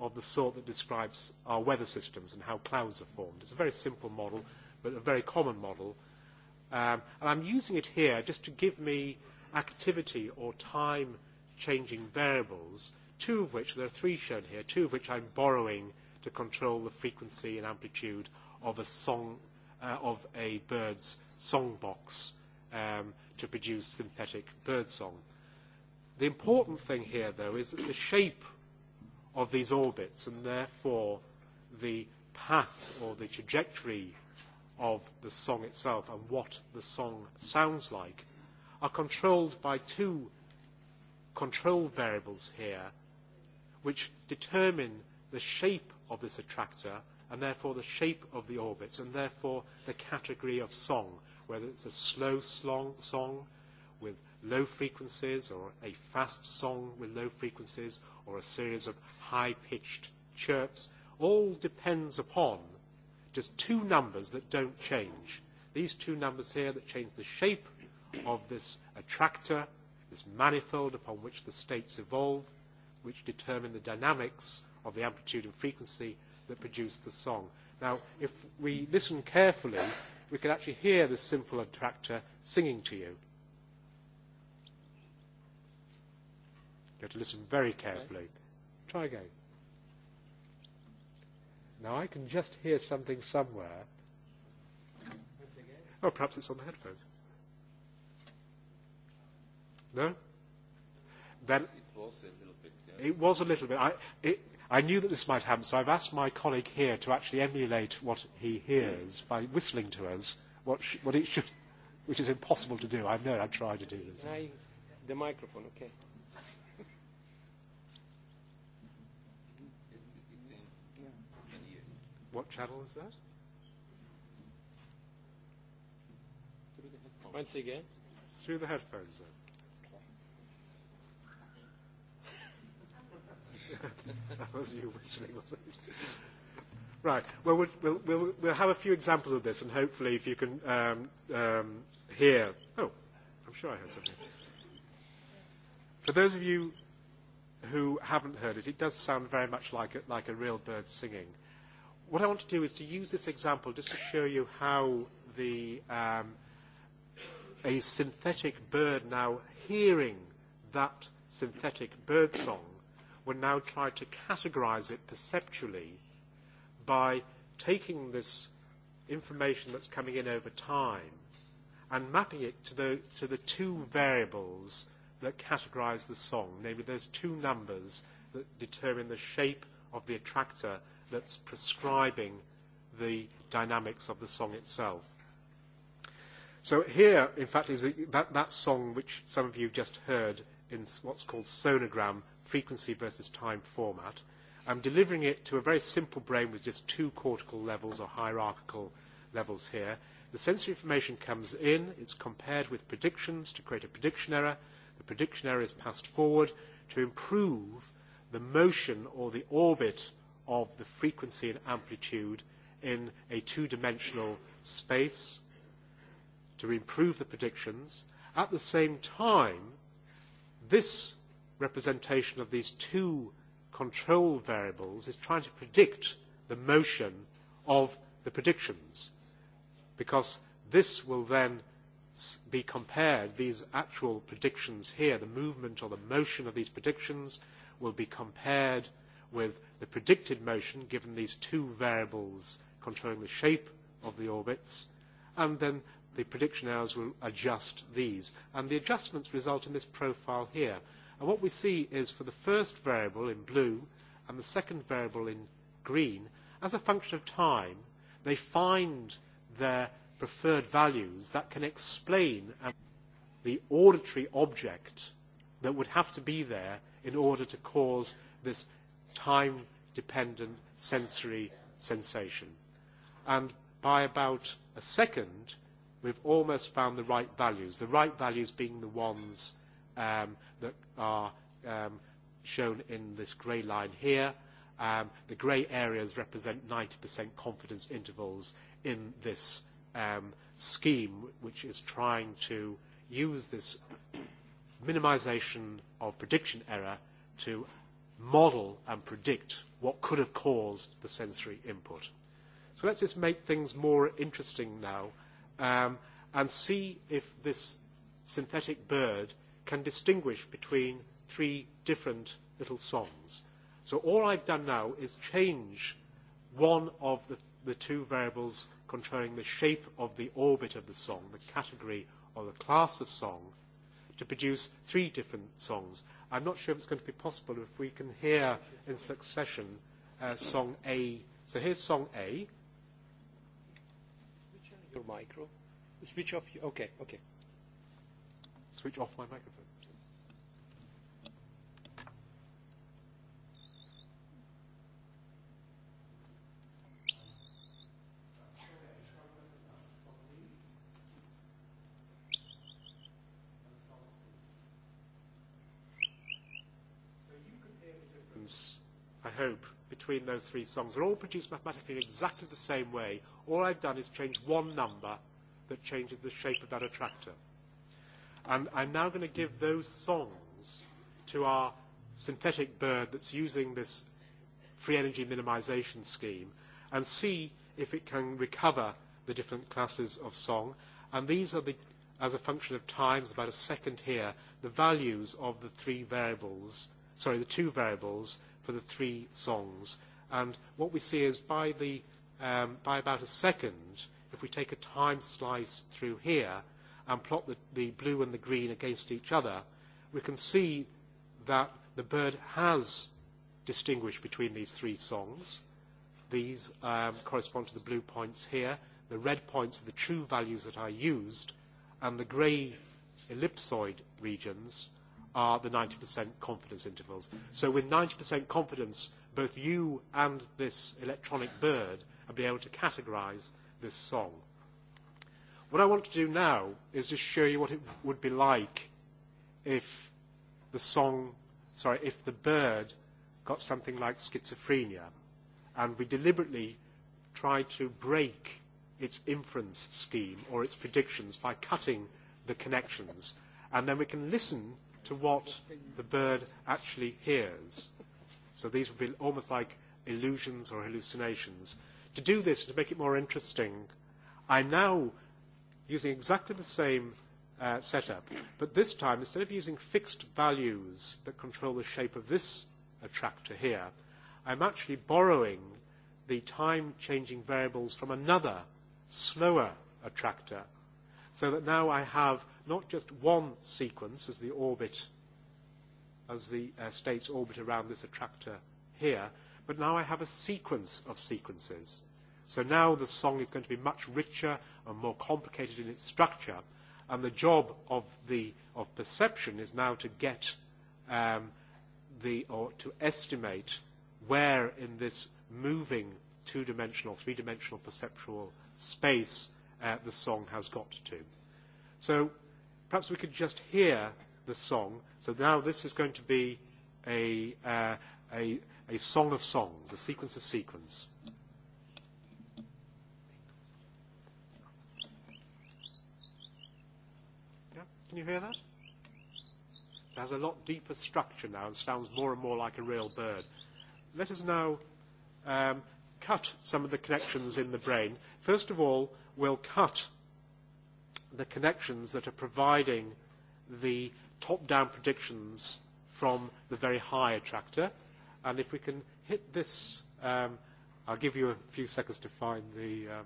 of the sort that describes our weather systems and how clouds are formed. It's a very simple model, but a very common model. Um, and I'm using it here just to give me activity or time-changing variables, two of which, there are three shown here, two of which I'm borrowing to control the frequency and amplitude of a song, uh, of a bird's song box um, to produce synthetic bird song. The important thing here, though, is that the shape of these orbits, and therefore the path or the trajectory of the song itself and what the song sounds like are controlled by two control variables here which determine the shape of this attractor and therefore the shape of the orbits and therefore the category of song, whether it's a slow song with low frequencies or a fast song with low frequencies or a series of high-pitched chirps, all depends upon just two numbers that don't change. These two numbers here that change the shape of this attractor, this manifold upon which the states evolve, which determine the dynamics of the amplitude and frequency that produce the song. Now, if we listen carefully, we can actually hear this simple attractor singing to you. You have to listen very carefully. Okay. Try again. Now I can just hear something somewhere. Once again. Oh, perhaps it's on the headphones. No? Then it was a little bit. Yes. It was a little bit. I, it, I knew that this might happen, so I've asked my colleague here to actually emulate what he hears yeah. by whistling to us what, sh- what it should, which is impossible to do. I know. I've tried to do this. I, the microphone, okay. What channel is that? the Once again? Through the headphones, then. that was you whistling, wasn't it? Right. Well, well, we'll, we'll, we'll have a few examples of this, and hopefully, if you can um, um, hear. Oh, I'm sure I heard something. For those of you who haven't heard it, it does sound very much like a, like a real bird singing what I want to do is to use this example just to show you how the, um, a synthetic bird now hearing that synthetic bird song will now try to categorize it perceptually by taking this information that's coming in over time and mapping it to the, to the two variables that categorize the song, namely those two numbers that determine the shape of the attractor that's prescribing the dynamics of the song itself. So here, in fact, is that, that song which some of you just heard in what's called sonogram, frequency versus time format. I'm delivering it to a very simple brain with just two cortical levels or hierarchical levels here. The sensory information comes in, it's compared with predictions to create a prediction error. The prediction error is passed forward to improve the motion or the orbit of the frequency and amplitude in a two-dimensional space to improve the predictions. At the same time, this representation of these two control variables is trying to predict the motion of the predictions because this will then be compared, these actual predictions here, the movement or the motion of these predictions will be compared with the predicted motion, given these two variables controlling the shape of the orbits, and then the prediction hours will adjust these. And the adjustments result in this profile here. And what we see is for the first variable in blue and the second variable in green, as a function of time, they find their preferred values that can explain the auditory object that would have to be there in order to cause this time-dependent sensory sensation. And by about a second, we've almost found the right values, the right values being the ones um, that are um, shown in this grey line here. Um, the grey areas represent 90% confidence intervals in this um, scheme, which is trying to use this minimisation of prediction error to model and predict what could have caused the sensory input. So let's just make things more interesting now um, and see if this synthetic bird can distinguish between three different little songs. So all I've done now is change one of the, the two variables controlling the shape of the orbit of the song, the category or the class of song, to produce three different songs. I'm not sure if it's going to be possible if we can hear in succession uh, song A. So here's song A. Switch on your micro. Switch off. Your, okay, okay. Switch off my microphone. hope between those three songs are all produced mathematically in exactly the same way. All I've done is change one number that changes the shape of that attractor. And I'm now going to give those songs to our synthetic bird that's using this free energy minimization scheme and see if it can recover the different classes of song. And these are the, as a function of time, about a second here, the values of the three variables, sorry, the two variables for the three songs. And what we see is by, the, um, by about a second, if we take a time slice through here and plot the, the blue and the green against each other, we can see that the bird has distinguished between these three songs. These um, correspond to the blue points here. The red points are the true values that I used, and the grey ellipsoid regions are the 90% confidence intervals. So with 90% confidence, both you and this electronic bird will be able to categorize this song. What I want to do now is just show you what it would be like if the song, sorry, if the bird got something like schizophrenia. And we deliberately tried to break its inference scheme or its predictions by cutting the connections. And then we can listen to what the bird actually hears. So these would be almost like illusions or hallucinations. To do this, to make it more interesting, I'm now using exactly the same uh, setup, but this time, instead of using fixed values that control the shape of this attractor here, I'm actually borrowing the time-changing variables from another, slower attractor, so that now I have not just one sequence as the orbit, as the uh, states orbit around this attractor here, but now I have a sequence of sequences. So now the song is going to be much richer and more complicated in its structure, and the job of, the, of perception is now to get um, the, or to estimate where in this moving two-dimensional, three-dimensional perceptual space uh, the song has got to. So Perhaps we could just hear the song. So now this is going to be a, uh, a, a song of songs, a sequence of sequence. Yeah, can you hear that? So it has a lot deeper structure now and sounds more and more like a real bird. Let us now um, cut some of the connections in the brain. First of all, we'll cut the connections that are providing the top-down predictions from the very high attractor. And if we can hit this, um, I'll give you a few seconds to find the. Um,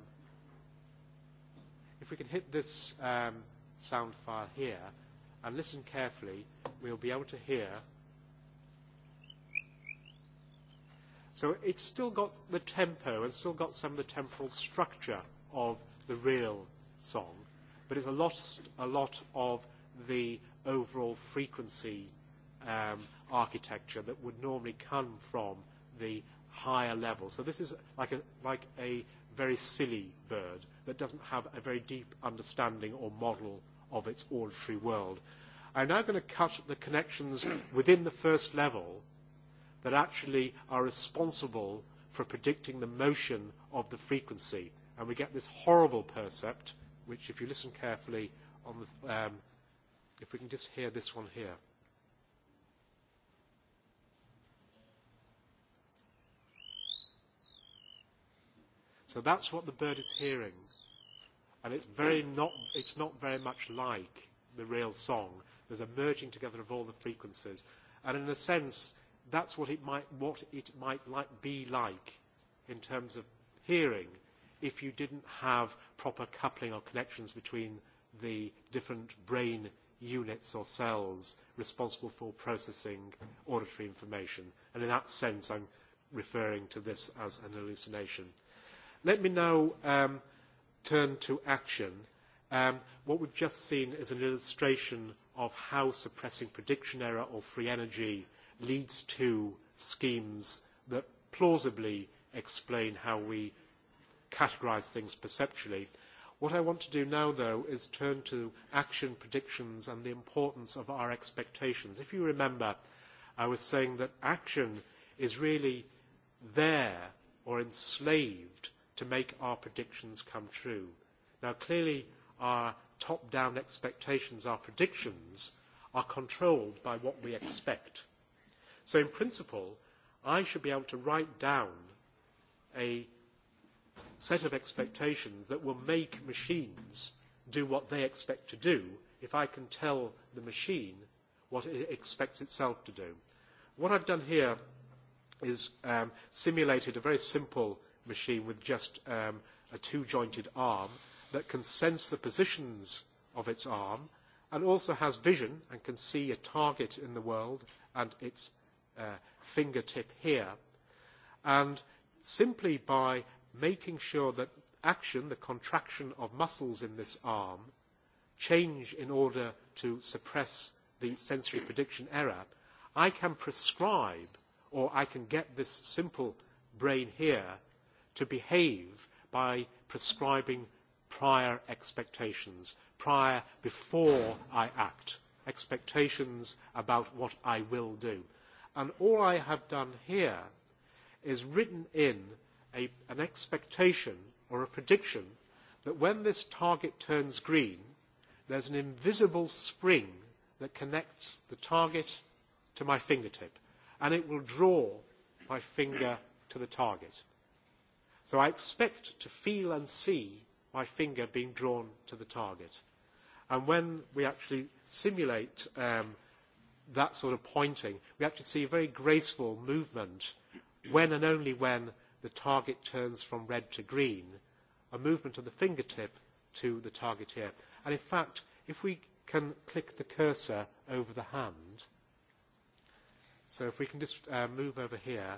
if we can hit this um, sound file here and listen carefully, we'll be able to hear. So it's still got the tempo and still got some of the temporal structure of the real song but it's lost a lot of the overall frequency um, architecture that would normally come from the higher level. So this is like a, like a very silly bird that doesn't have a very deep understanding or model of its auditory world. I'm now going to cut the connections within the first level that actually are responsible for predicting the motion of the frequency. And we get this horrible percept which, if you listen carefully, on the, um, if we can just hear this one here. So that's what the bird is hearing. And it's, very not, it's not very much like the real song. There's a merging together of all the frequencies. And in a sense, that's what it might, what it might like, be like in terms of hearing if you didn't have proper coupling or connections between the different brain units or cells responsible for processing auditory information. And in that sense, I'm referring to this as an hallucination. Let me now um, turn to action. Um, what we've just seen is an illustration of how suppressing prediction error or free energy leads to schemes that plausibly explain how we categorise things perceptually. What I want to do now, though, is turn to action predictions and the importance of our expectations. If you remember, I was saying that action is really there or enslaved to make our predictions come true. Now, clearly, our top-down expectations, our predictions, are controlled by what we expect. So in principle, I should be able to write down a set of expectations that will make machines do what they expect to do if I can tell the machine what it expects itself to do. What I've done here is um, simulated a very simple machine with just um, a two-jointed arm that can sense the positions of its arm and also has vision and can see a target in the world and its uh, fingertip here. And simply by making sure that action, the contraction of muscles in this arm, change in order to suppress the sensory prediction error, I can prescribe or I can get this simple brain here to behave by prescribing prior expectations, prior before I act, expectations about what I will do. And all I have done here is written in a, an expectation or a prediction that when this target turns green, there's an invisible spring that connects the target to my fingertip, and it will draw my finger to the target. So I expect to feel and see my finger being drawn to the target. And when we actually simulate um, that sort of pointing, we actually see a very graceful movement when and only when the target turns from red to green, a movement of the fingertip to the target here. And in fact, if we can click the cursor over the hand, so if we can just uh, move over here,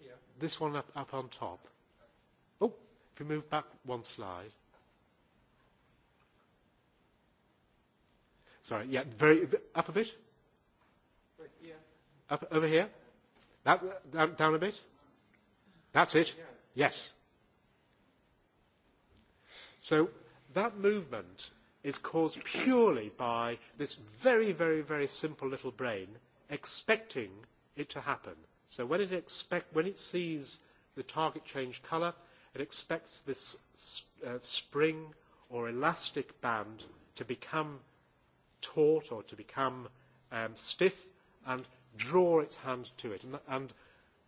yeah. this one up, up on top. Oh, if we move back one slide. Sorry, yeah, very up a bit. Right, yeah. Up over here. That, down, down a bit. That's it. Yes. So that movement is caused purely by this very, very, very simple little brain expecting it to happen. So when it, expect, when it sees the target change colour, it expects this uh, spring or elastic band to become taut or to become um, stiff and draw its hand to it. And, and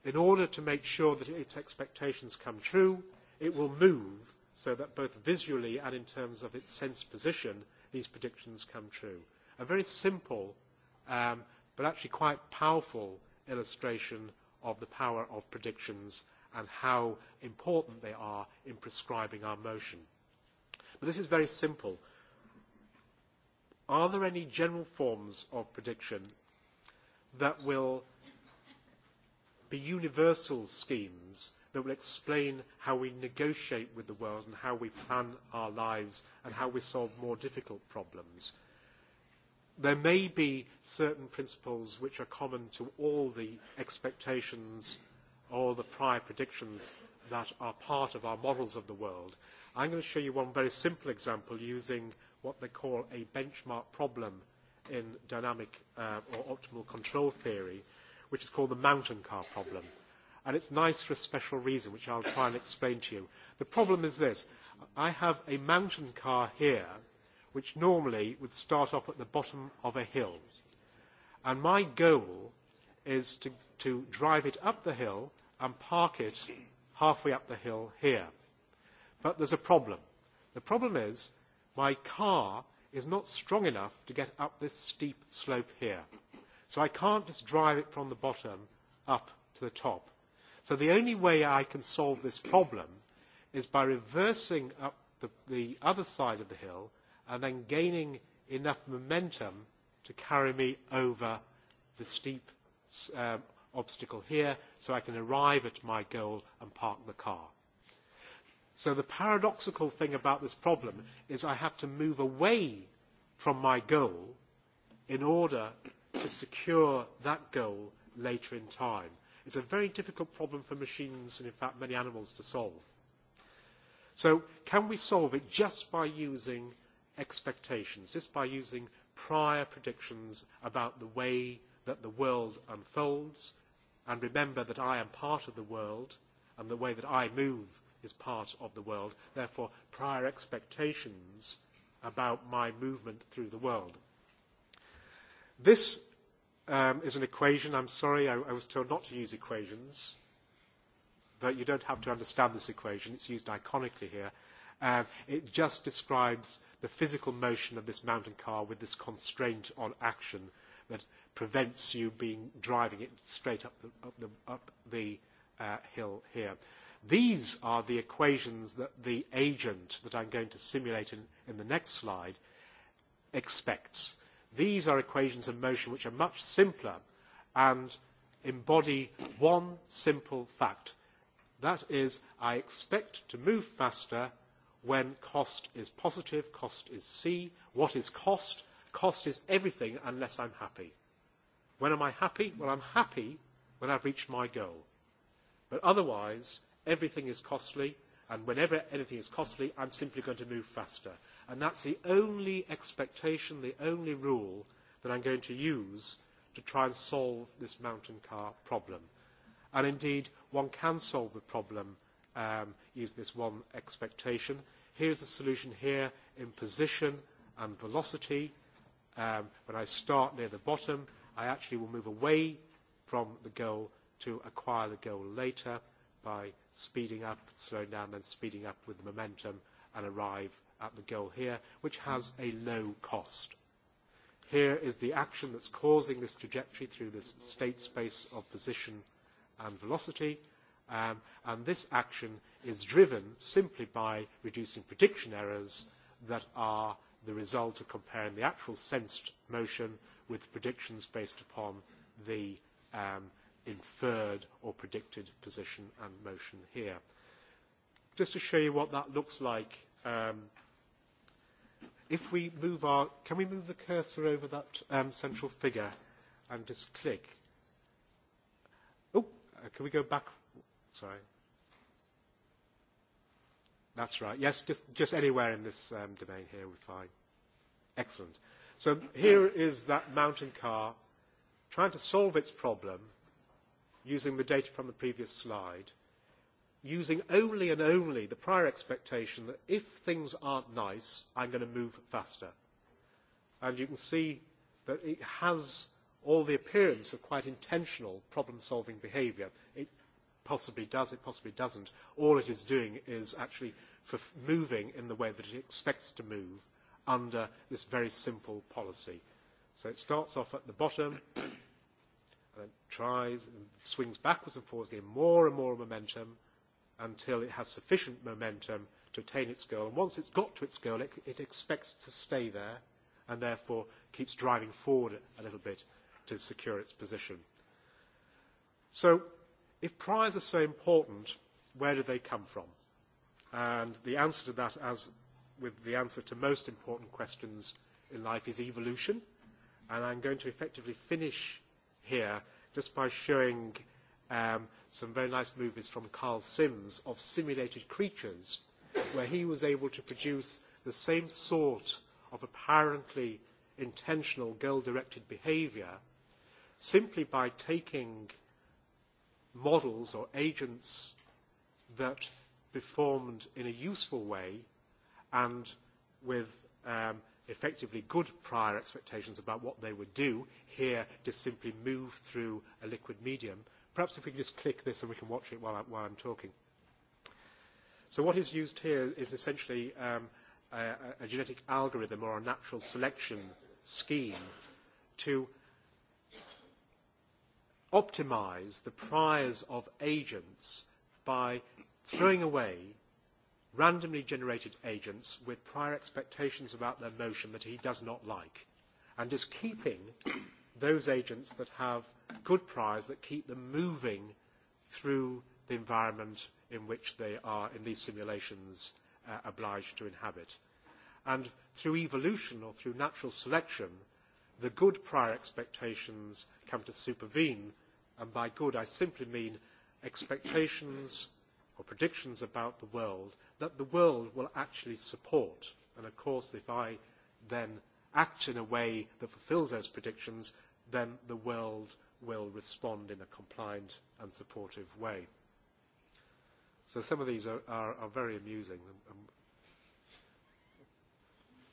in order to make sure that its expectations come true, it will move so that both visually and in terms of its sense position, these predictions come true. A very simple um, but actually quite powerful illustration of the power of predictions and how important they are in prescribing our motion. But this is very simple. Are there any general forms of prediction that will the universal schemes that will explain how we negotiate with the world and how we plan our lives and how we solve more difficult problems. There may be certain principles which are common to all the expectations or the prior predictions that are part of our models of the world. I'm going to show you one very simple example using what they call a benchmark problem in dynamic uh, or optimal control theory which is called the mountain car problem. And it's nice for a special reason, which I'll try and explain to you. The problem is this. I have a mountain car here, which normally would start off at the bottom of a hill. And my goal is to, to drive it up the hill and park it halfway up the hill here. But there's a problem. The problem is my car is not strong enough to get up this steep slope here. So I can't just drive it from the bottom up to the top. So the only way I can solve this problem is by reversing up the, the other side of the hill and then gaining enough momentum to carry me over the steep um, obstacle here so I can arrive at my goal and park the car. So the paradoxical thing about this problem is I have to move away from my goal in order to secure that goal later in time. It's a very difficult problem for machines and, in fact, many animals to solve. So can we solve it just by using expectations, just by using prior predictions about the way that the world unfolds? And remember that I am part of the world, and the way that I move is part of the world. Therefore, prior expectations about my movement through the world. This um, is an equation. I'm sorry, I, I was told not to use equations, but you don't have to understand this equation. It's used iconically here. Uh, it just describes the physical motion of this mountain car with this constraint on action that prevents you being driving it straight up the, up the, up the uh, hill here. These are the equations that the agent that I'm going to simulate in, in the next slide expects. These are equations of motion which are much simpler and embody one simple fact. That is, I expect to move faster when cost is positive, cost is C. What is cost? Cost is everything unless I'm happy. When am I happy? Well, I'm happy when I've reached my goal. But otherwise, everything is costly, and whenever anything is costly, I'm simply going to move faster. And that's the only expectation, the only rule that I'm going to use to try and solve this mountain car problem. And indeed, one can solve the problem um, using this one expectation. Here's the solution here in position and velocity. Um, when I start near the bottom, I actually will move away from the goal to acquire the goal later by speeding up, slowing down, then speeding up with momentum and arrive at the goal here, which has a low cost. Here is the action that's causing this trajectory through this state space of position and velocity, um, and this action is driven simply by reducing prediction errors that are the result of comparing the actual sensed motion with predictions based upon the um, inferred or predicted position and motion here. Just to show you what that looks like um, If we move our, can we move the cursor over that um, central figure and just click? Oh, uh, can we go back? Sorry. That's right. Yes, just, just anywhere in this um, domain here we're fine. Excellent. So here is that mountain car trying to solve its problem using the data from the previous slide – using only and only the prior expectation that if things aren't nice, I'm going to move faster. And you can see that it has all the appearance of quite intentional problem-solving behaviour. It possibly does, it possibly doesn't. All it is doing is actually for moving in the way that it expects to move under this very simple policy. So it starts off at the bottom, and then tries and swings backwards and forwards, getting more and more momentum, until it has sufficient momentum to attain its goal. And once it's got to its goal, it, it expects to stay there and therefore keeps driving forward a little bit to secure its position. So if priors are so important, where do they come from? And the answer to that, as with the answer to most important questions in life, is evolution. And I'm going to effectively finish here just by showing um, some very nice movies from Carl Sims of simulated creatures, where he was able to produce the same sort of apparently intentional goal-directed behaviour simply by taking models or agents that performed in a useful way and with um, effectively good prior expectations about what they would do, here to simply move through a liquid medium, Perhaps if we could just click this and we can watch it while, I, while I'm talking. So what is used here is essentially um, a, a genetic algorithm or a natural selection scheme to optimize the priors of agents by throwing away randomly generated agents with prior expectations about their motion that he does not like and is keeping those agents that have good priors that keep them moving through the environment in which they are, in these simulations, uh, obliged to inhabit. And through evolution or through natural selection, the good prior expectations come to supervene. And by good, I simply mean expectations or predictions about the world that the world will actually support. And of course, if I then act in a way that fulfills those predictions, then the world will respond in a compliant and supportive way. So some of these are, are, are very amusing. Um, um,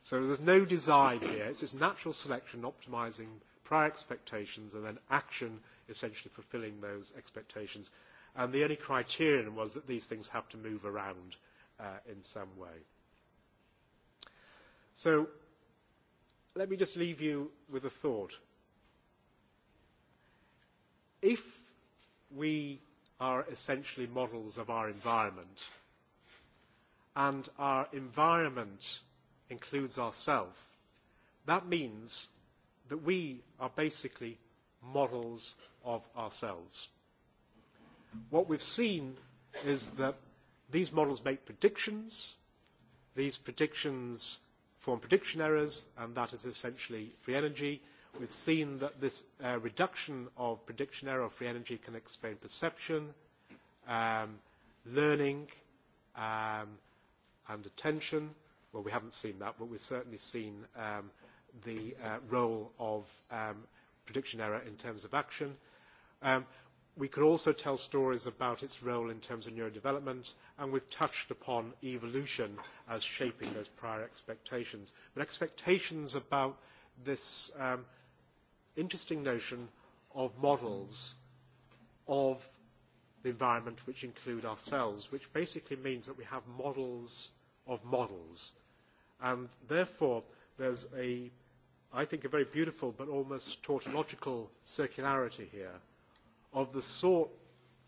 so there's no design here. It's just natural selection optimizing prior expectations and then action essentially fulfilling those expectations. And the only criterion was that these things have to move around uh, in some way. So let me just leave you with a thought if we are essentially models of our environment, and our environment includes ourself, that means that we are basically models of ourselves. What we've seen is that these models make predictions, these predictions form prediction errors, and that is essentially free energy, We've seen that this uh, reduction of prediction error of free energy can explain perception, um, learning, um, and attention. Well, we haven't seen that, but we've certainly seen um, the uh, role of um, prediction error in terms of action. Um, we could also tell stories about its role in terms of neurodevelopment, and we've touched upon evolution as shaping those prior expectations. But expectations about this um, interesting notion of models of the environment which include ourselves, which basically means that we have models of models. And therefore, there's a, I think, a very beautiful but almost tautological circularity here of the sort,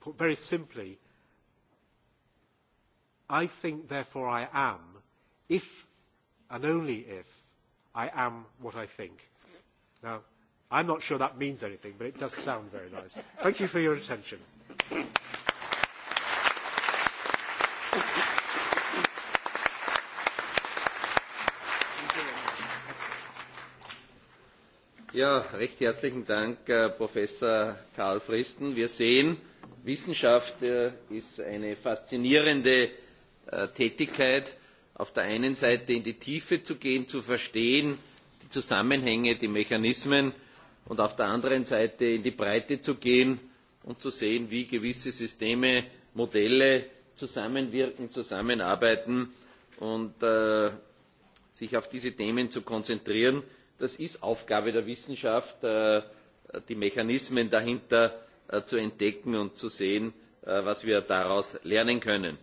put very simply, I think, therefore I am, if and only if I am what I think. Now, I'm not sure that means anything, but it does sound very nice. Thank you for your attention. Ja, recht herzlichen Dank, äh, Professor Karl Fristen. Wir sehen, Wissenschaft äh, ist eine faszinierende äh, Tätigkeit, auf der einen Seite in die Tiefe zu gehen, zu verstehen, die Zusammenhänge, die Mechanismen, und auf der anderen Seite in die Breite zu gehen und zu sehen, wie gewisse Systeme, Modelle zusammenwirken, zusammenarbeiten und äh, sich auf diese Themen zu konzentrieren. Das ist Aufgabe der Wissenschaft, äh, die Mechanismen dahinter äh, zu entdecken und zu sehen, äh, was wir daraus lernen können.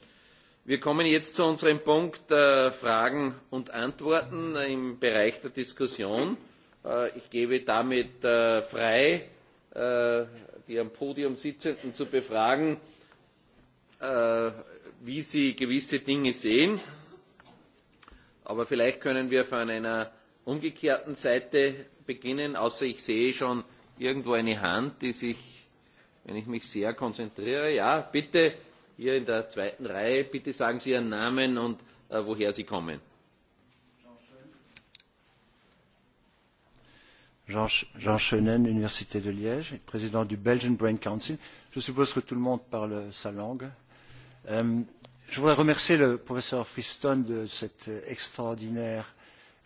Wir kommen jetzt zu unserem Punkt äh, Fragen und Antworten im Bereich der Diskussion. Äh, ich gebe damit äh, frei, äh, die am Podium Sitzenden zu befragen, wie sie gewisse Dinge sehen. Aber vielleicht können wir von einer umgekehrten Seite beginnen, außer ich sehe schon irgendwo eine Hand, die sich, wenn ich mich sehr konzentriere, ja, bitte, hier in der zweiten Reihe, bitte sagen Sie Ihren Namen und äh, woher Sie kommen. Jean, Jean Chenen, Université de Liège, président du Belgian Brain Council. Je suppose que tout le monde parle sa langue. Euh, je voudrais remercier le professeur Friston de cet extraordinaire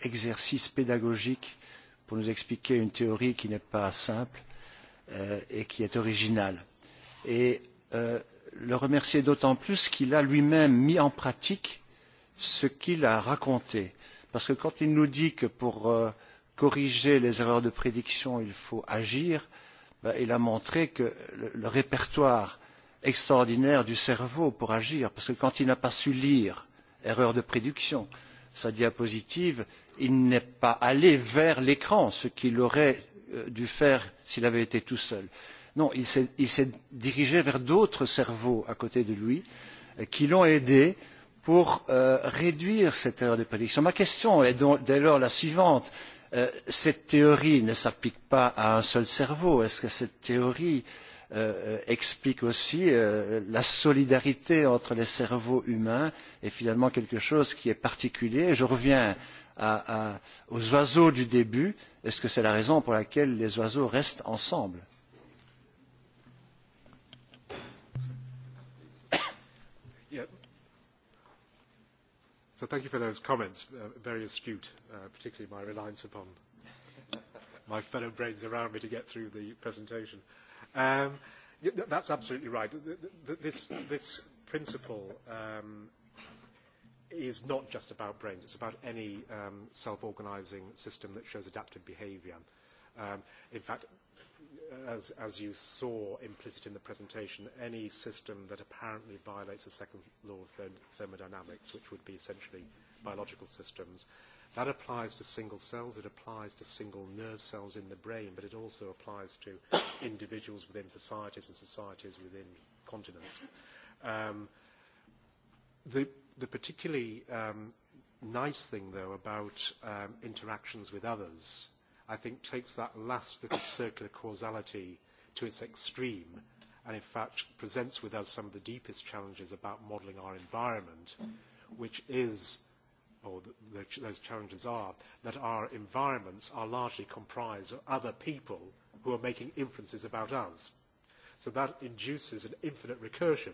exercice pédagogique pour nous expliquer une théorie qui n'est pas simple euh, et qui est originale. Et euh, le remercier d'autant plus qu'il a lui-même mis en pratique ce qu'il a raconté. Parce que quand il nous dit que pour euh, corriger les erreurs de prédiction, il faut agir, ben, il a montré que le, le répertoire extraordinaire du cerveau pour agir, parce que quand il n'a pas su lire erreur de prédiction, sa diapositive, il n'est pas allé vers l'écran, ce qu'il aurait euh, dû faire s'il avait été tout seul. Non, il s'est dirigé vers d'autres cerveaux à côté de lui euh, qui l'ont aidé pour euh, réduire cette erreur de prédiction. Ma question est donc dès lors la suivante Euh, cette théorie ne s'applique pas à un seul cerveau Est-ce que cette théorie euh, euh, explique aussi euh, la solidarité entre les cerveaux humains et finalement quelque chose qui est particulier Je reviens à, à, aux oiseaux du début. Est-ce que c'est la raison pour laquelle les oiseaux restent ensemble So thank you for those comments, uh, very astute, uh, particularly my reliance upon my fellow brains around me to get through the presentation. Um, yeah, that's absolutely right. This, this principle um, is not just about brains. It's about any um, self-organizing system that shows adaptive behavior. Um, in fact, as, as you saw implicit in the presentation, any system that apparently violates the second law of thermodynamics, which would be essentially biological systems, that applies to single cells, it applies to single nerve cells in the brain, but it also applies to individuals within societies and societies within continents. Um, the, the particularly um, nice thing, though, about um, interactions with others i think takes that last little circular causality to its extreme and in fact presents with us some of the deepest challenges about modelling our environment, which is, or the, the, those challenges are, that our environments are largely comprised of other people who are making inferences about us. So that induces an infinite recursion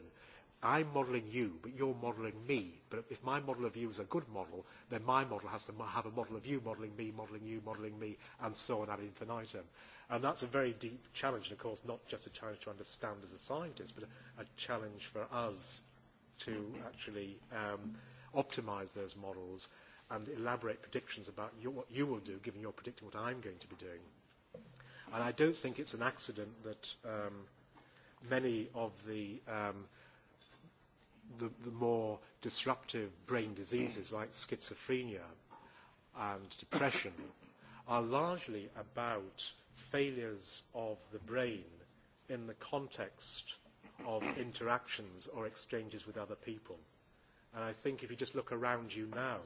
I'm modelling you, but you're modelling me. But if my model of you is a good model, then my model has to have a model of you modelling me, modelling you, modelling me, and so on ad infinitum. And that's a very deep challenge, and of course, not just a challenge to understand as a scientist, but a, a challenge for us to actually um, optimise those models and elaborate predictions about your, what you will do, given you're predicting what I'm going to be doing. And I don't think it's an accident that um, many of the um, – the, the more disruptive brain diseases like schizophrenia and depression are largely about failures of the brain in the context of interactions or exchanges with other people. And I think if you just look around you now,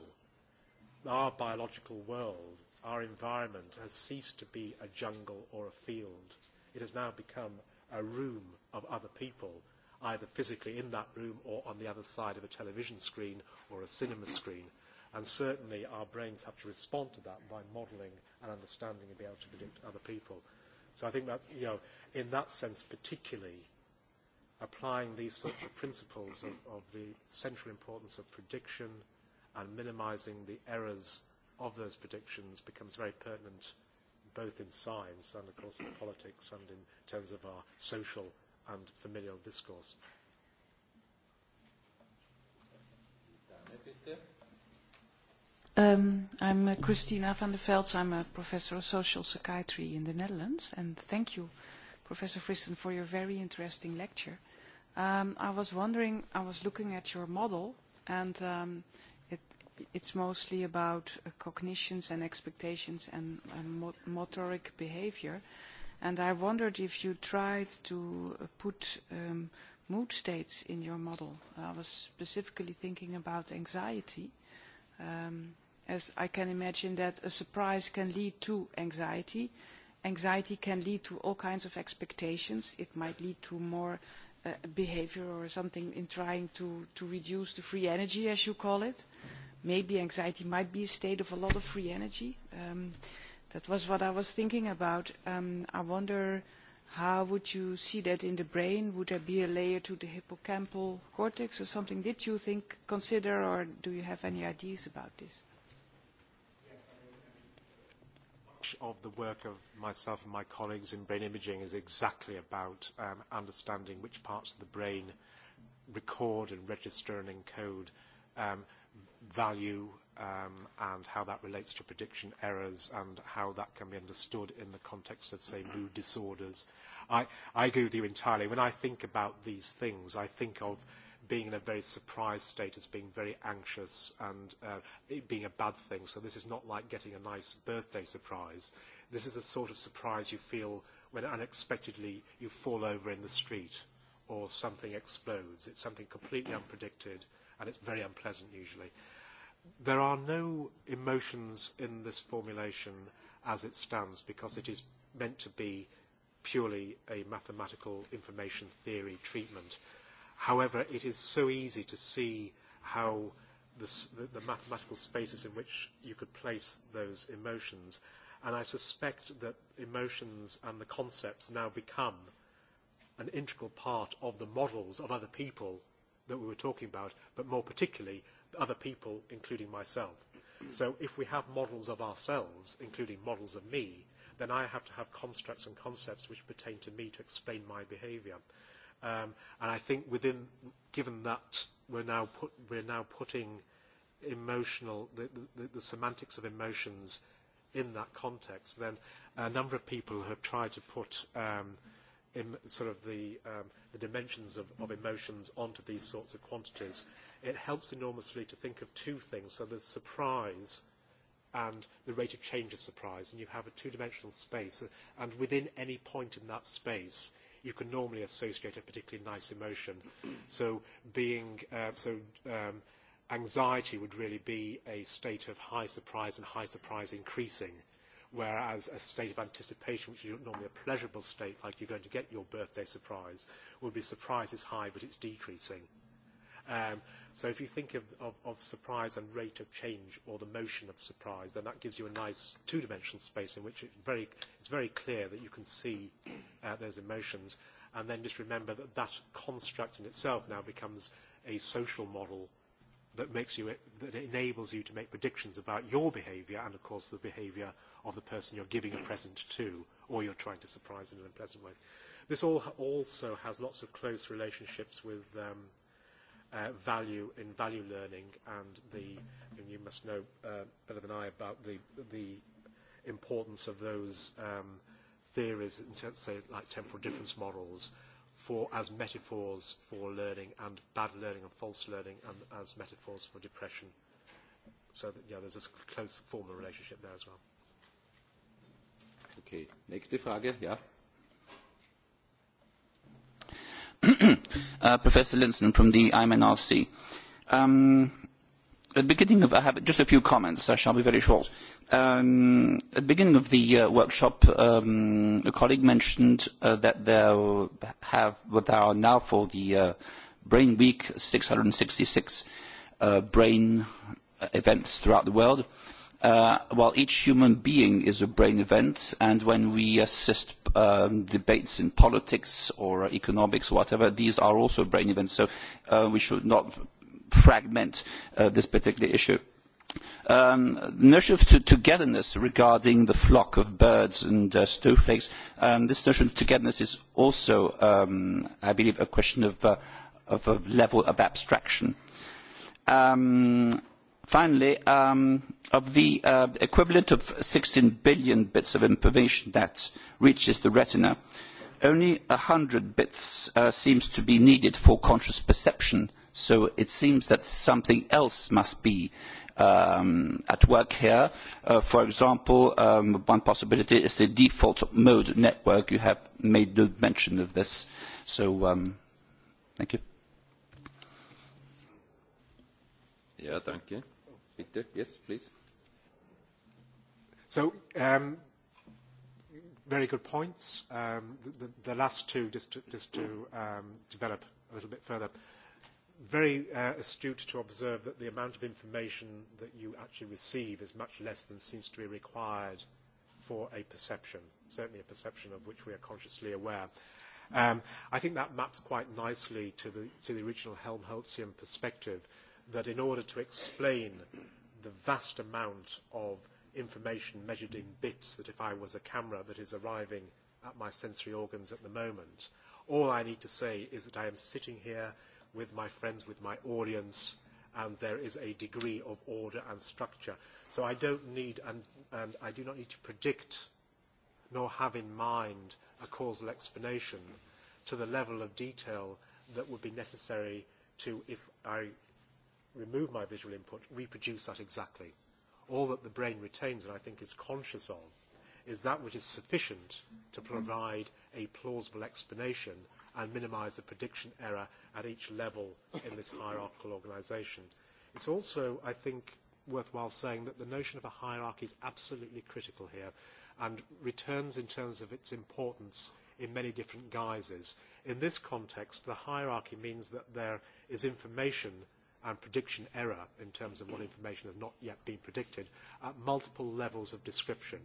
our biological world, our environment has ceased to be a jungle or a field. It has now become a room of other people either physically in that room or on the other side of a television screen or a cinema screen. And certainly our brains have to respond to that by modelling and understanding and be able to predict other people. So I think that's, you know, in that sense particularly, applying these sorts of principles of, of the central importance of prediction and minimising the errors of those predictions becomes very pertinent both in science and, of course, in politics and in terms of our social and familial discourse. Um, I'm uh, Christina van der Velds. I'm a professor of social psychiatry in the Netherlands. And thank you, Professor Fristen, for your very interesting lecture. Um, I was wondering, I was looking at your model, and um, it, it's mostly about uh, cognitions and expectations and, and mo motoric behavior. And I wondered if you tried to uh, put um, mood states in your model. I was specifically thinking about anxiety, um, as I can imagine that a surprise can lead to anxiety. Anxiety can lead to all kinds of expectations. It might lead to more uh, behavior or something in trying to, to reduce the free energy, as you call it. Maybe anxiety might be a state of a lot of free energy. Um, That was what I was thinking about. Um, I wonder how would you see that in the brain? Would there be a layer to the hippocampal cortex or something? Did you think, consider, or do you have any ideas about this? Much of the work of myself and my colleagues in brain imaging is exactly about um, understanding which parts of the brain record and register and encode um, value um, and how that relates to prediction errors and how that can be understood in the context of, say, mood disorders. I, I agree with you entirely. When I think about these things, I think of being in a very surprised state as being very anxious and uh, it being a bad thing. So this is not like getting a nice birthday surprise. This is the sort of surprise you feel when unexpectedly you fall over in the street or something explodes. It's something completely unpredicted and it's very unpleasant usually there are no emotions in this formulation as it stands because it is meant to be purely a mathematical information theory treatment. However, it is so easy to see how the, the mathematical spaces in which you could place those emotions. And I suspect that emotions and the concepts now become an integral part of the models of other people that we were talking about, but more particularly other people, including myself. So if we have models of ourselves, including models of me, then I have to have constructs and concepts which pertain to me to explain my behaviour. Um, and I think within, given that we're now, put, we're now putting emotional, the, the, the semantics of emotions in that context, then a number of people have tried to put um, in sort of the, um, the dimensions of, of emotions onto these sorts of quantities it helps enormously to think of two things. So there's surprise and the rate of change of surprise, and you have a two-dimensional space. And within any point in that space, you can normally associate a particularly nice emotion. So being uh, so um, anxiety would really be a state of high surprise and high surprise increasing, whereas a state of anticipation, which is normally a pleasurable state, like you're going to get your birthday surprise, would be surprise is high but it's decreasing. Um, so if you think of, of, of surprise and rate of change or the motion of surprise, then that gives you a nice two-dimensional space in which it's very, it's very clear that you can see uh, those emotions. And then just remember that that construct in itself now becomes a social model that makes you that enables you to make predictions about your behavior and of course the behavior of the person you're giving a present to or you're trying to surprise in an unpleasant way. This all also has lots of close relationships with um, uh, value in value learning, and the and you must know uh, better than I about the the importance of those um, theories, say like temporal difference models, for as metaphors for learning and bad learning and false learning, and as metaphors for depression. So that, yeah, there's a close formal relationship there as well. Okay, next Frage, Yeah uh, Professor Linson from the IMNRC. Um, at the beginning of, I have just a few comments, I shall be very short. Um, at the beginning of the uh, workshop, um, a colleague mentioned uh, that there, have, what there are now for the uh, Brain Week 666 uh, brain events throughout the world. While uh, well, each human being is a brain event, and when we assist um, debates in politics or economics or whatever, these are also brain events. So uh, we should not fragment uh, this particular issue. Um, notion of togetherness regarding the flock of birds and uh, snowflakes, um, this notion of togetherness is also, um, I believe, a question of, uh, of a level of abstraction. Um, Finally, um, of the uh, equivalent of 16 billion bits of information that reaches the retina, only 100 bits seem uh, seems to be needed for conscious perception. So it seems that something else must be um, at work here. Uh, for example, um, one possibility is the default mode network. You have made no mention of this. So um, thank you. thank you. Peter, yes, please. So, um, very good points. Um, the, last two, just to, just to um, develop a little bit further. Very uh, astute to observe that the amount of information that you actually receive is much less than seems to be required for a perception, certainly a perception of which we are consciously aware. Um, I think that maps quite nicely to the, to the original Helmholtzian perspective, that in order to explain the vast amount of information measured in bits that if I was a camera that is arriving at my sensory organs at the moment, all I need to say is that I am sitting here with my friends, with my audience, and there is a degree of order and structure. So I don't need, and, and I do not need to predict nor have in mind a causal explanation to the level of detail that would be necessary to, if I remove my visual input, reproduce that exactly. All that the brain retains and I think is conscious of is that which is sufficient to mm-hmm. provide a plausible explanation and minimise the prediction error at each level in this hierarchical organisation. It's also, I think, worthwhile saying that the notion of a hierarchy is absolutely critical here and returns in terms of its importance in many different guises. In this context, the hierarchy means that there is information and prediction error in terms of what information has not yet been predicted at multiple levels of description.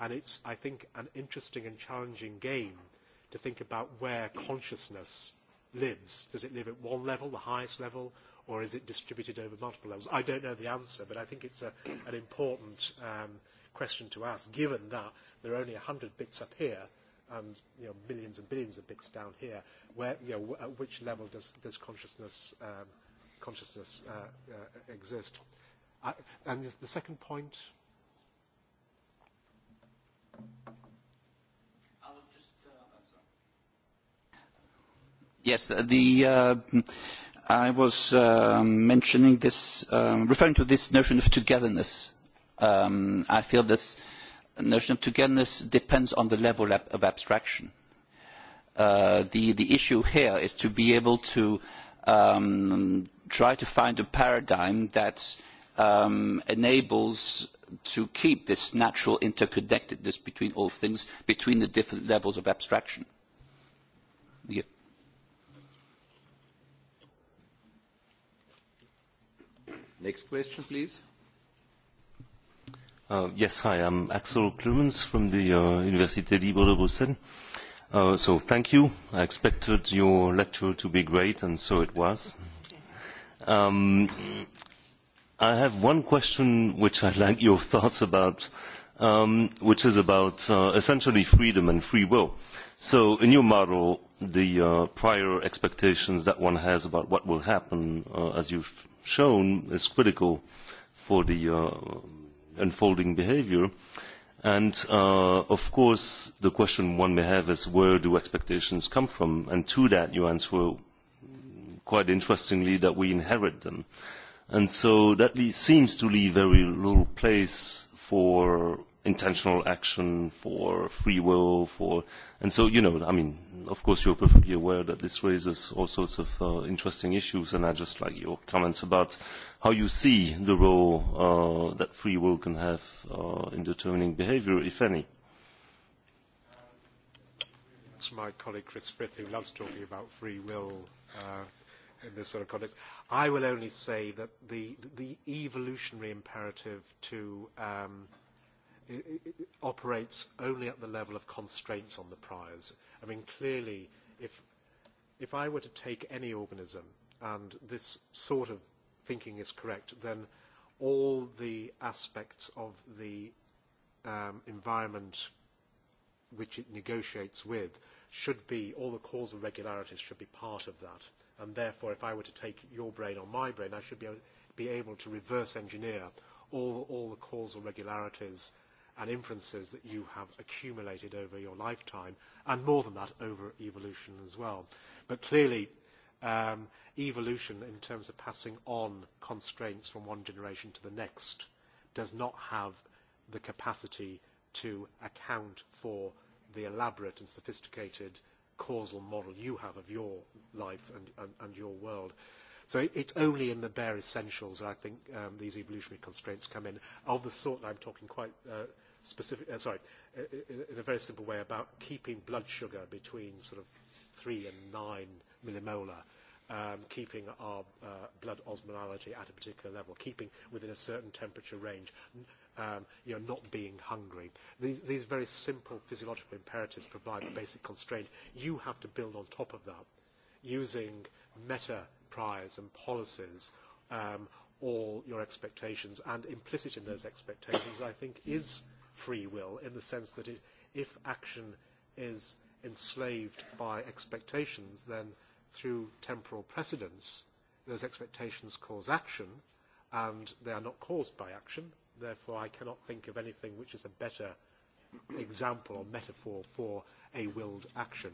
And it's, I think, an interesting and challenging game to think about where consciousness lives. Does it live at one level, the highest level, or is it distributed over multiple levels? I don't know the answer, but I think it's a, an important um, question to ask, given that there are only 100 bits up here and you know, millions and billions of bits down here. Where, you know, at which level does, does consciousness um, – consciousness uh, uh, exist. I, and the second point. Uh, yes, the, uh, I was um, mentioning this, um, referring to this notion of togetherness. Um, I feel this notion of togetherness depends on the level of abstraction. Uh, the, the issue here is to be able to uh, um, try to find a paradigm that um, enables to keep this natural interconnectedness between all things, between the different levels of abstraction. Next question, please. Uh, yes, hi, I'm Axel Clemens from the uh, Université Libre de Bruxelles. Uh, so thank you. I expected your lecture to be great, and so it was. Um, I have one question which I'd like your thoughts about, um, which is about uh, essentially freedom and free will. So in your model, the uh, prior expectations that one has about what will happen, uh, as you've shown, is critical for the uh, unfolding behavior. Uh, And uh, of course, the question one may have is where do expectations come from? And to that, you answer quite interestingly that we inherit them. And so that seems to leave very little place for intentional action, for free will, for... And so, you know, I mean, of course you're perfectly aware that this raises all sorts of uh, interesting issues, and I just like your comments about how you see the role uh, that free will can have uh, in determining behaviour, if any. To my colleague Chris Frith, who loves talking about free will uh, in this sort of context, I will only say that the, the evolutionary imperative to um, it, it operates only at the level of constraints on the priors. I mean, clearly, if if I were to take any organism and this sort of thinking is correct, then all the aspects of the um, environment which it negotiates with should be, all the causal regularities should be part of that. And therefore, if I were to take your brain or my brain, I should be able, be able to reverse engineer all, all the causal regularities and inferences that you have accumulated over your lifetime, and more than that, over evolution as well. But clearly, um, evolution in terms of passing on constraints from one generation to the next does not have the capacity to account for the elaborate and sophisticated causal model you have of your life and, and, and your world. So it, it's only in the bare essentials, that I think, um, these evolutionary constraints come in, of the sort that I'm talking quite uh, specific, uh, sorry, in, in a very simple way about keeping blood sugar between sort of three and nine millimolar um, keeping our uh, blood osmolality at a particular level, keeping within a certain temperature range, um, you know, not being hungry. These, these very simple physiological imperatives provide the basic constraint. You have to build on top of that using meta priors and policies, um, all your expectations, and implicit in those expectations, I think, is free will in the sense that it, if action is enslaved by expectations, then through temporal precedence, those expectations cause action, and they are not caused by action. Therefore, I cannot think of anything which is a better example or metaphor for a willed action.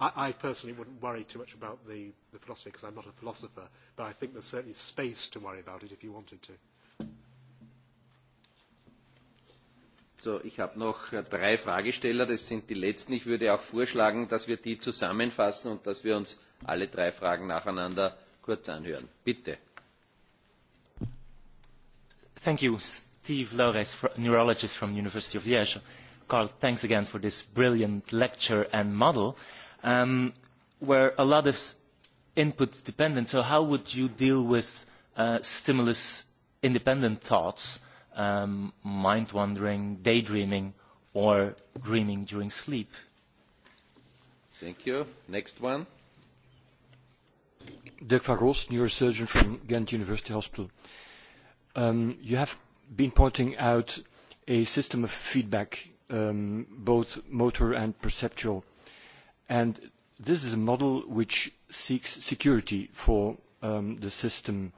I, I personally wouldn't worry too much about the, the philosophy because I'm not a philosopher, but I think there's certainly space to worry about it if you wanted to. So, ich habe noch drei Fragesteller, das sind die letzten. Ich würde auch vorschlagen, dass wir die zusammenfassen und dass wir uns alle drei Fragen nacheinander kurz anhören. Bitte. Thank you. Steve Lores, neurologist from University of Liège. Carl, thanks again for this brilliant lecture and model, um, where a lot of input dependent. So how would you deal with uh, stimulus independent thoughts um, mind wandering, daydreaming, or dreaming during sleep. Thank you. Next one. Dirk van Roos, neurosurgeon from Ghent University Hospital. Um, you have been pointing out a system of feedback, um, both motor and perceptual. And this is a model which seeks security for um, the system,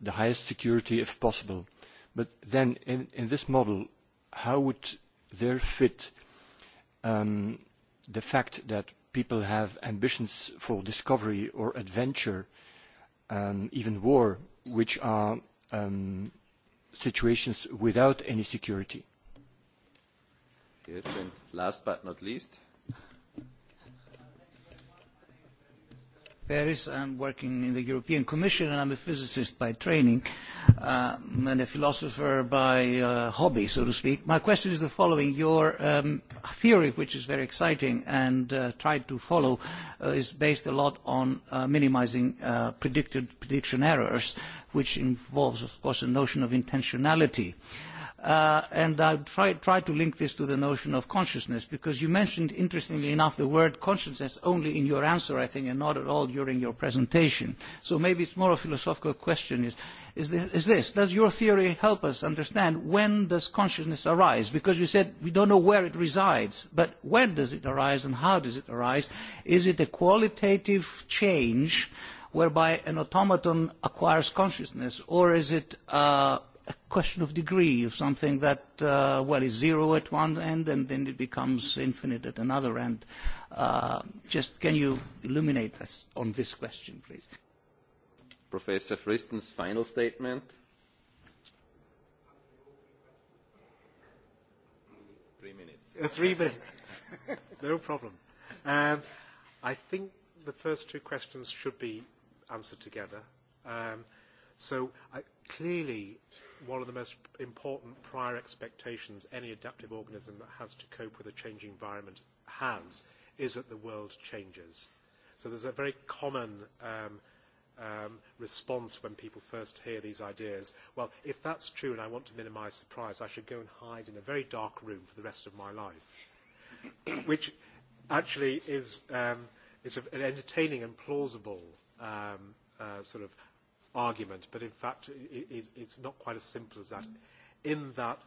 the highest security if possible. But then in, in this model, how would there fit um, the fact that people have ambitions for discovery or adventure, um, even war, which are um, situations without any security? Yes, and last but not least, Paris. I'm working in the European Commission, and I'm a physicist by training um, and a philosopher by uh, hobby, so to speak. My question is the following. Your um, theory, which is very exciting and uh, tried to follow, uh, is based a lot on uh, minimizing uh, predicted prediction errors, which involves, of course, a notion of intentionality. Uh, Uh, and I try, try to link this to the notion of consciousness, because you mentioned, interestingly enough, the word consciousness only in your answer, I think, and not at all during your presentation. So maybe it's more a philosophical question. Is, is, this, is this, does your theory help us understand when does consciousness arise? Because you said we don't know where it resides, but when does it arise and how does it arise? Is it a qualitative change whereby an automaton acquires consciousness, or is it... Uh, a question of degree, of something that, uh, well, is zero at one end and then it becomes infinite at another end. Uh, just can you illuminate us on this question, please? Professor Friston's final statement. Three minutes. Uh, three minutes. no problem. Um, I think the first two questions should be answered together. Um, so I, clearly one of the most important prior expectations any adaptive organism that has to cope with a changing environment has is that the world changes. So there's a very common um, um, response when people first hear these ideas. Well, if that's true and I want to minimize surprise, I should go and hide in a very dark room for the rest of my life, which actually is, um, is an entertaining and plausible um, uh, sort of argument, but in fact it, it, it's not quite as simple as that, in that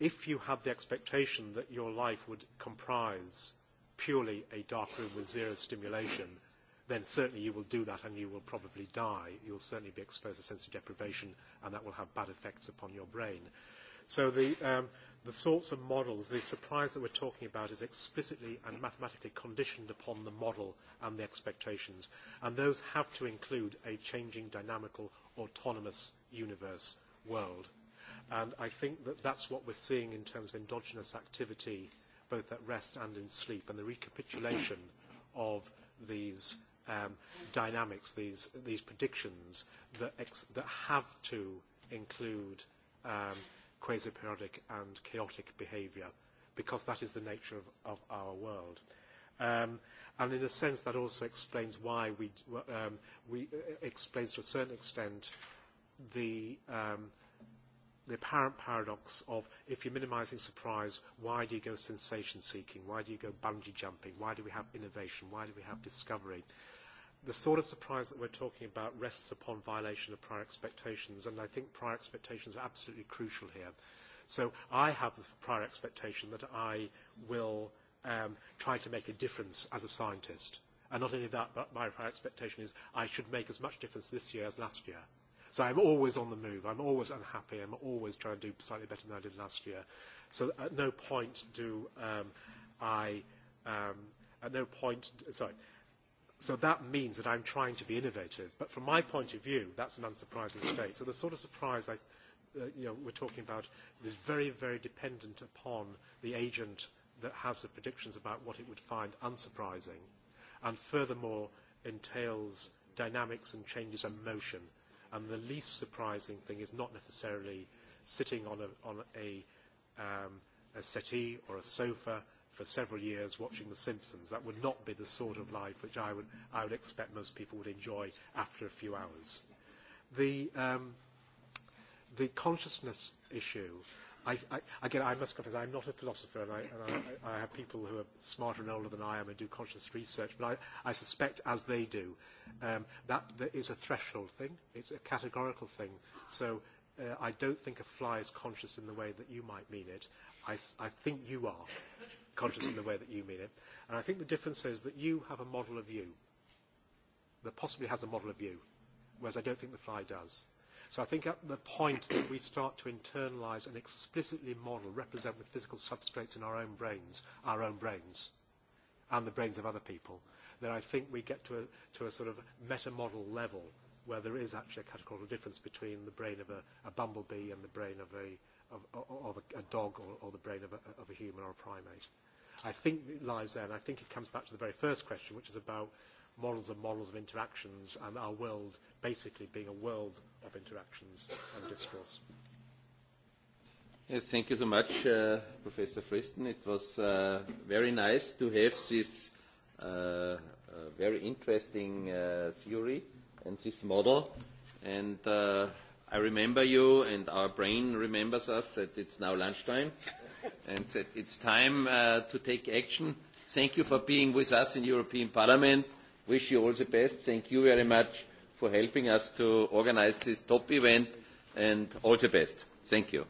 if you had the expectation that your life would comprise purely a dark room with zero stimulation, then certainly you will do that and you will probably die. You'll certainly be exposed to sensory deprivation and that will have bad effects upon your brain. So the, um, the sorts of models, the surprise that we're talking about is explicitly and mathematically conditioned upon the model and the expectations. And those have to include a changing, dynamical, autonomous universe world. And I think that that's what we're seeing in terms of endogenous activity, both at rest and in sleep, and the recapitulation of these um, dynamics, these, these predictions that, ex- that have to include um, – quasi-periodic and chaotic behaviour, because that is the nature of, of our world. Um, and in a sense, that also explains why we, um, we uh, explains to a certain extent the, um, the apparent paradox of if you're minimizing surprise, why do you go sensation seeking? Why do you go bungee jumping? Why do we have innovation? Why do we have discovery? the sort of surprise that we're talking about rests upon violation of prior expectations, and I think prior expectations are absolutely crucial here. So I have the prior expectation that I will um, try to make a difference as a scientist. And not only that, but my prior expectation is I should make as much difference this year as last year. So I'm always on the move. I'm always unhappy. I'm always trying to do slightly better than I did last year. So at no point do um, I, um, at no point, sorry, So that means that I'm trying to be innovative. But from my point of view, that's an unsurprising state. So the sort of surprise I, uh, you know, we're talking about is very, very dependent upon the agent that has the predictions about what it would find unsurprising, and furthermore entails dynamics and changes in motion. And the least surprising thing is not necessarily sitting on a, on a, um, a settee or a sofa for several years watching The Simpsons. That would not be the sort of life which I would, I would expect most people would enjoy after a few hours. The, um, the consciousness issue, I, I, again, I must confess, I'm not a philosopher, and, I, and I, I have people who are smarter and older than I am and do conscious research, but I, I suspect, as they do, um, that there is a threshold thing. It's a categorical thing. So uh, I don't think a fly is conscious in the way that you might mean it. I, I think you are conscious in the way that you mean it. And I think the difference is that you have a model of you that possibly has a model of you, whereas I don't think the fly does. So I think at the point that we start to internalise and explicitly model, represent with physical substrates in our own brains, our own brains, and the brains of other people, then I think we get to a, to a sort of meta-model level where there is actually a categorical difference between the brain of a, a bumblebee and the brain of a, of, of a, a dog or, or the brain of a, of a human or a primate. I think it lies there, and I think it comes back to the very first question, which is about models and models of interactions and our world basically being a world of interactions and discourse. Yes, thank you so much, uh, Professor Friston. It was uh, very nice to have this uh, uh, very interesting uh, theory and this model. And uh, I remember you, and our brain remembers us that it's now lunchtime and that it's time uh, to take action. Thank you for being with us in European Parliament. Wish you all the best. Thank you very much for helping us to organize this top event, and all the best. Thank you.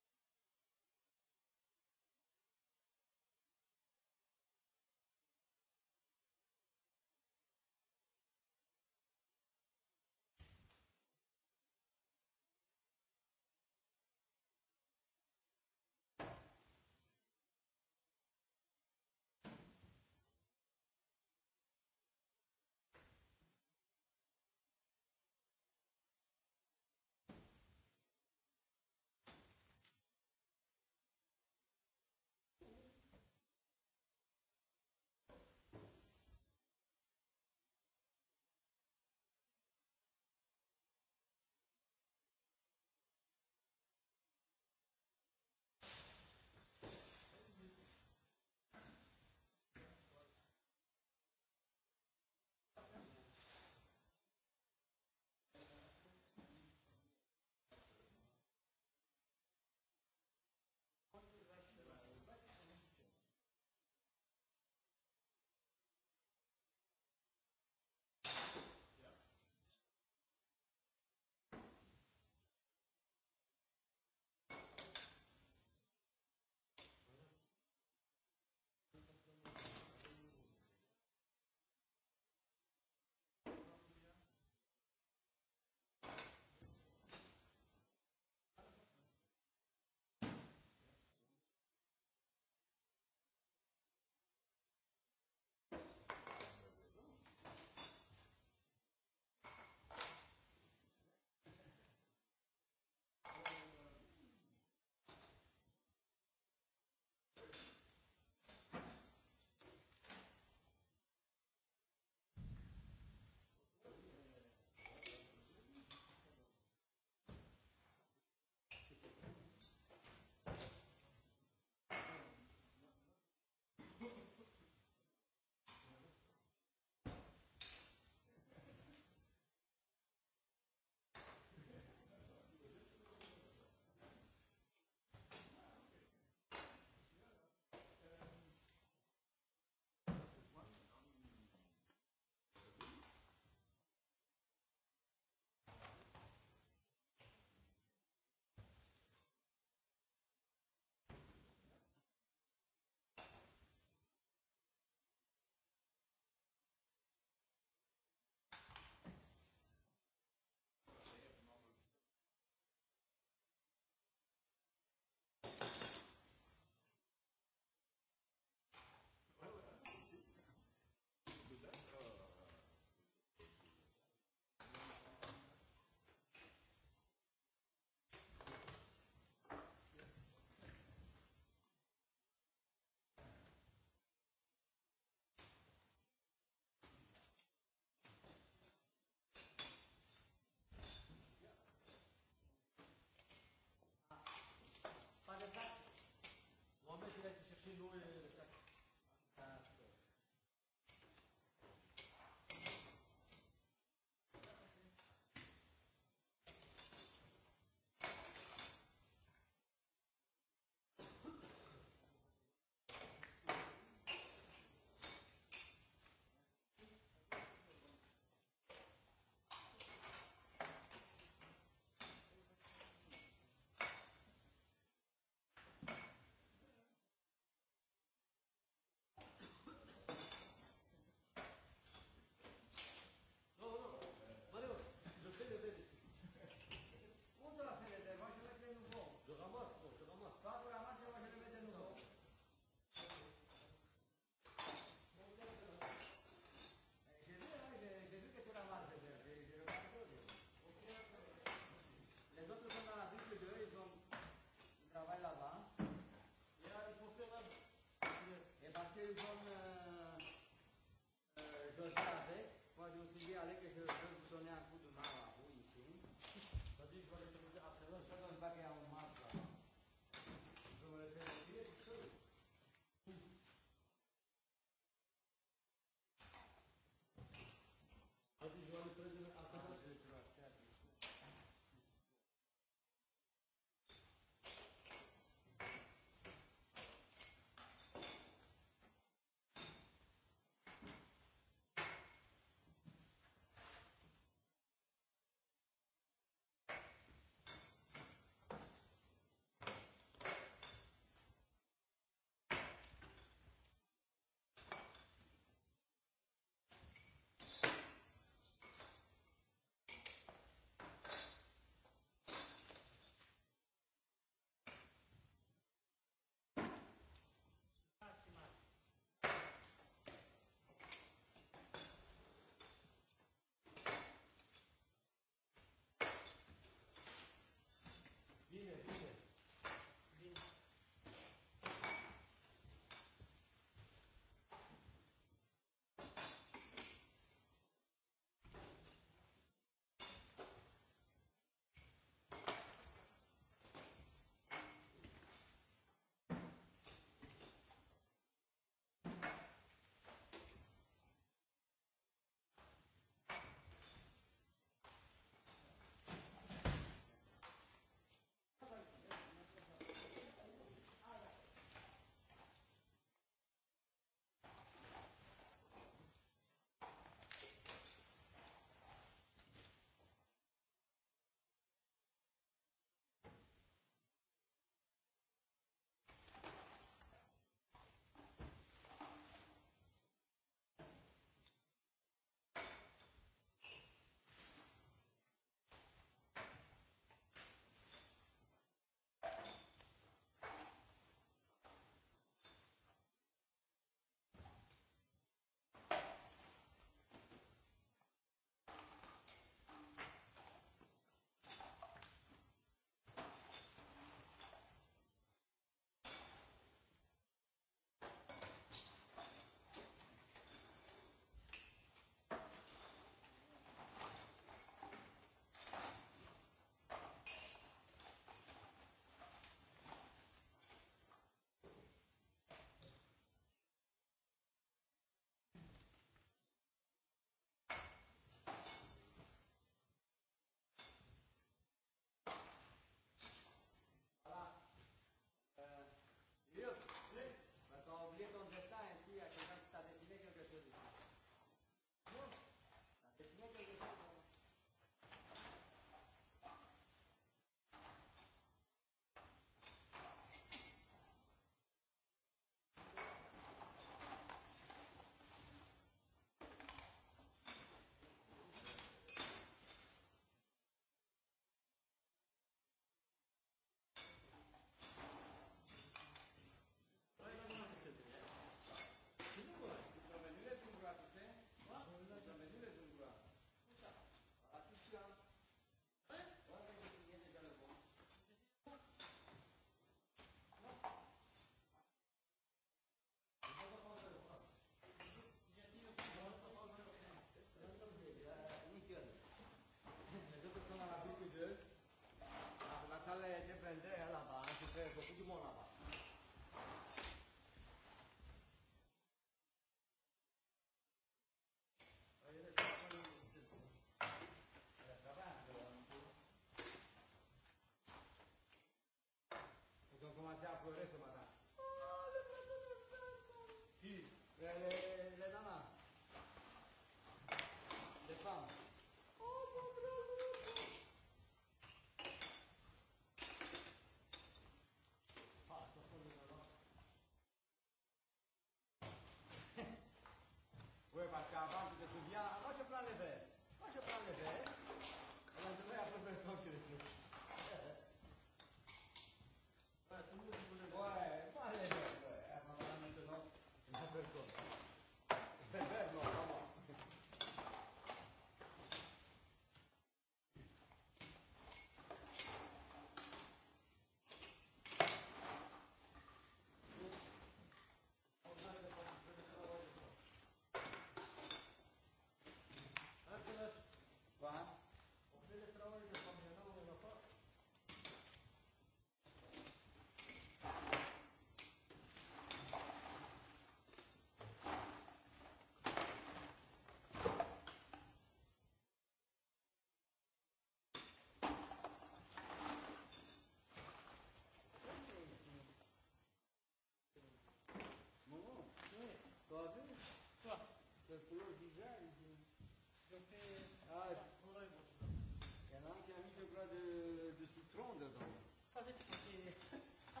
ifrån det då. Fast det är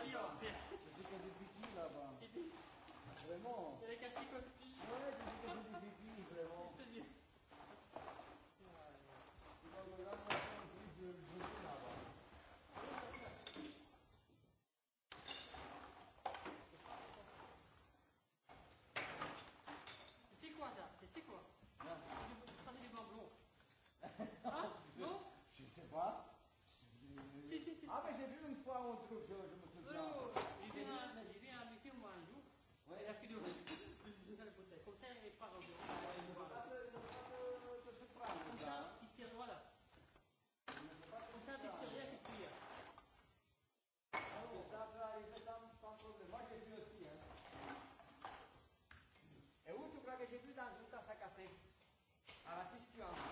Andiamo. Musica di tequila, va. Remo. Delle caccicotte. à la session.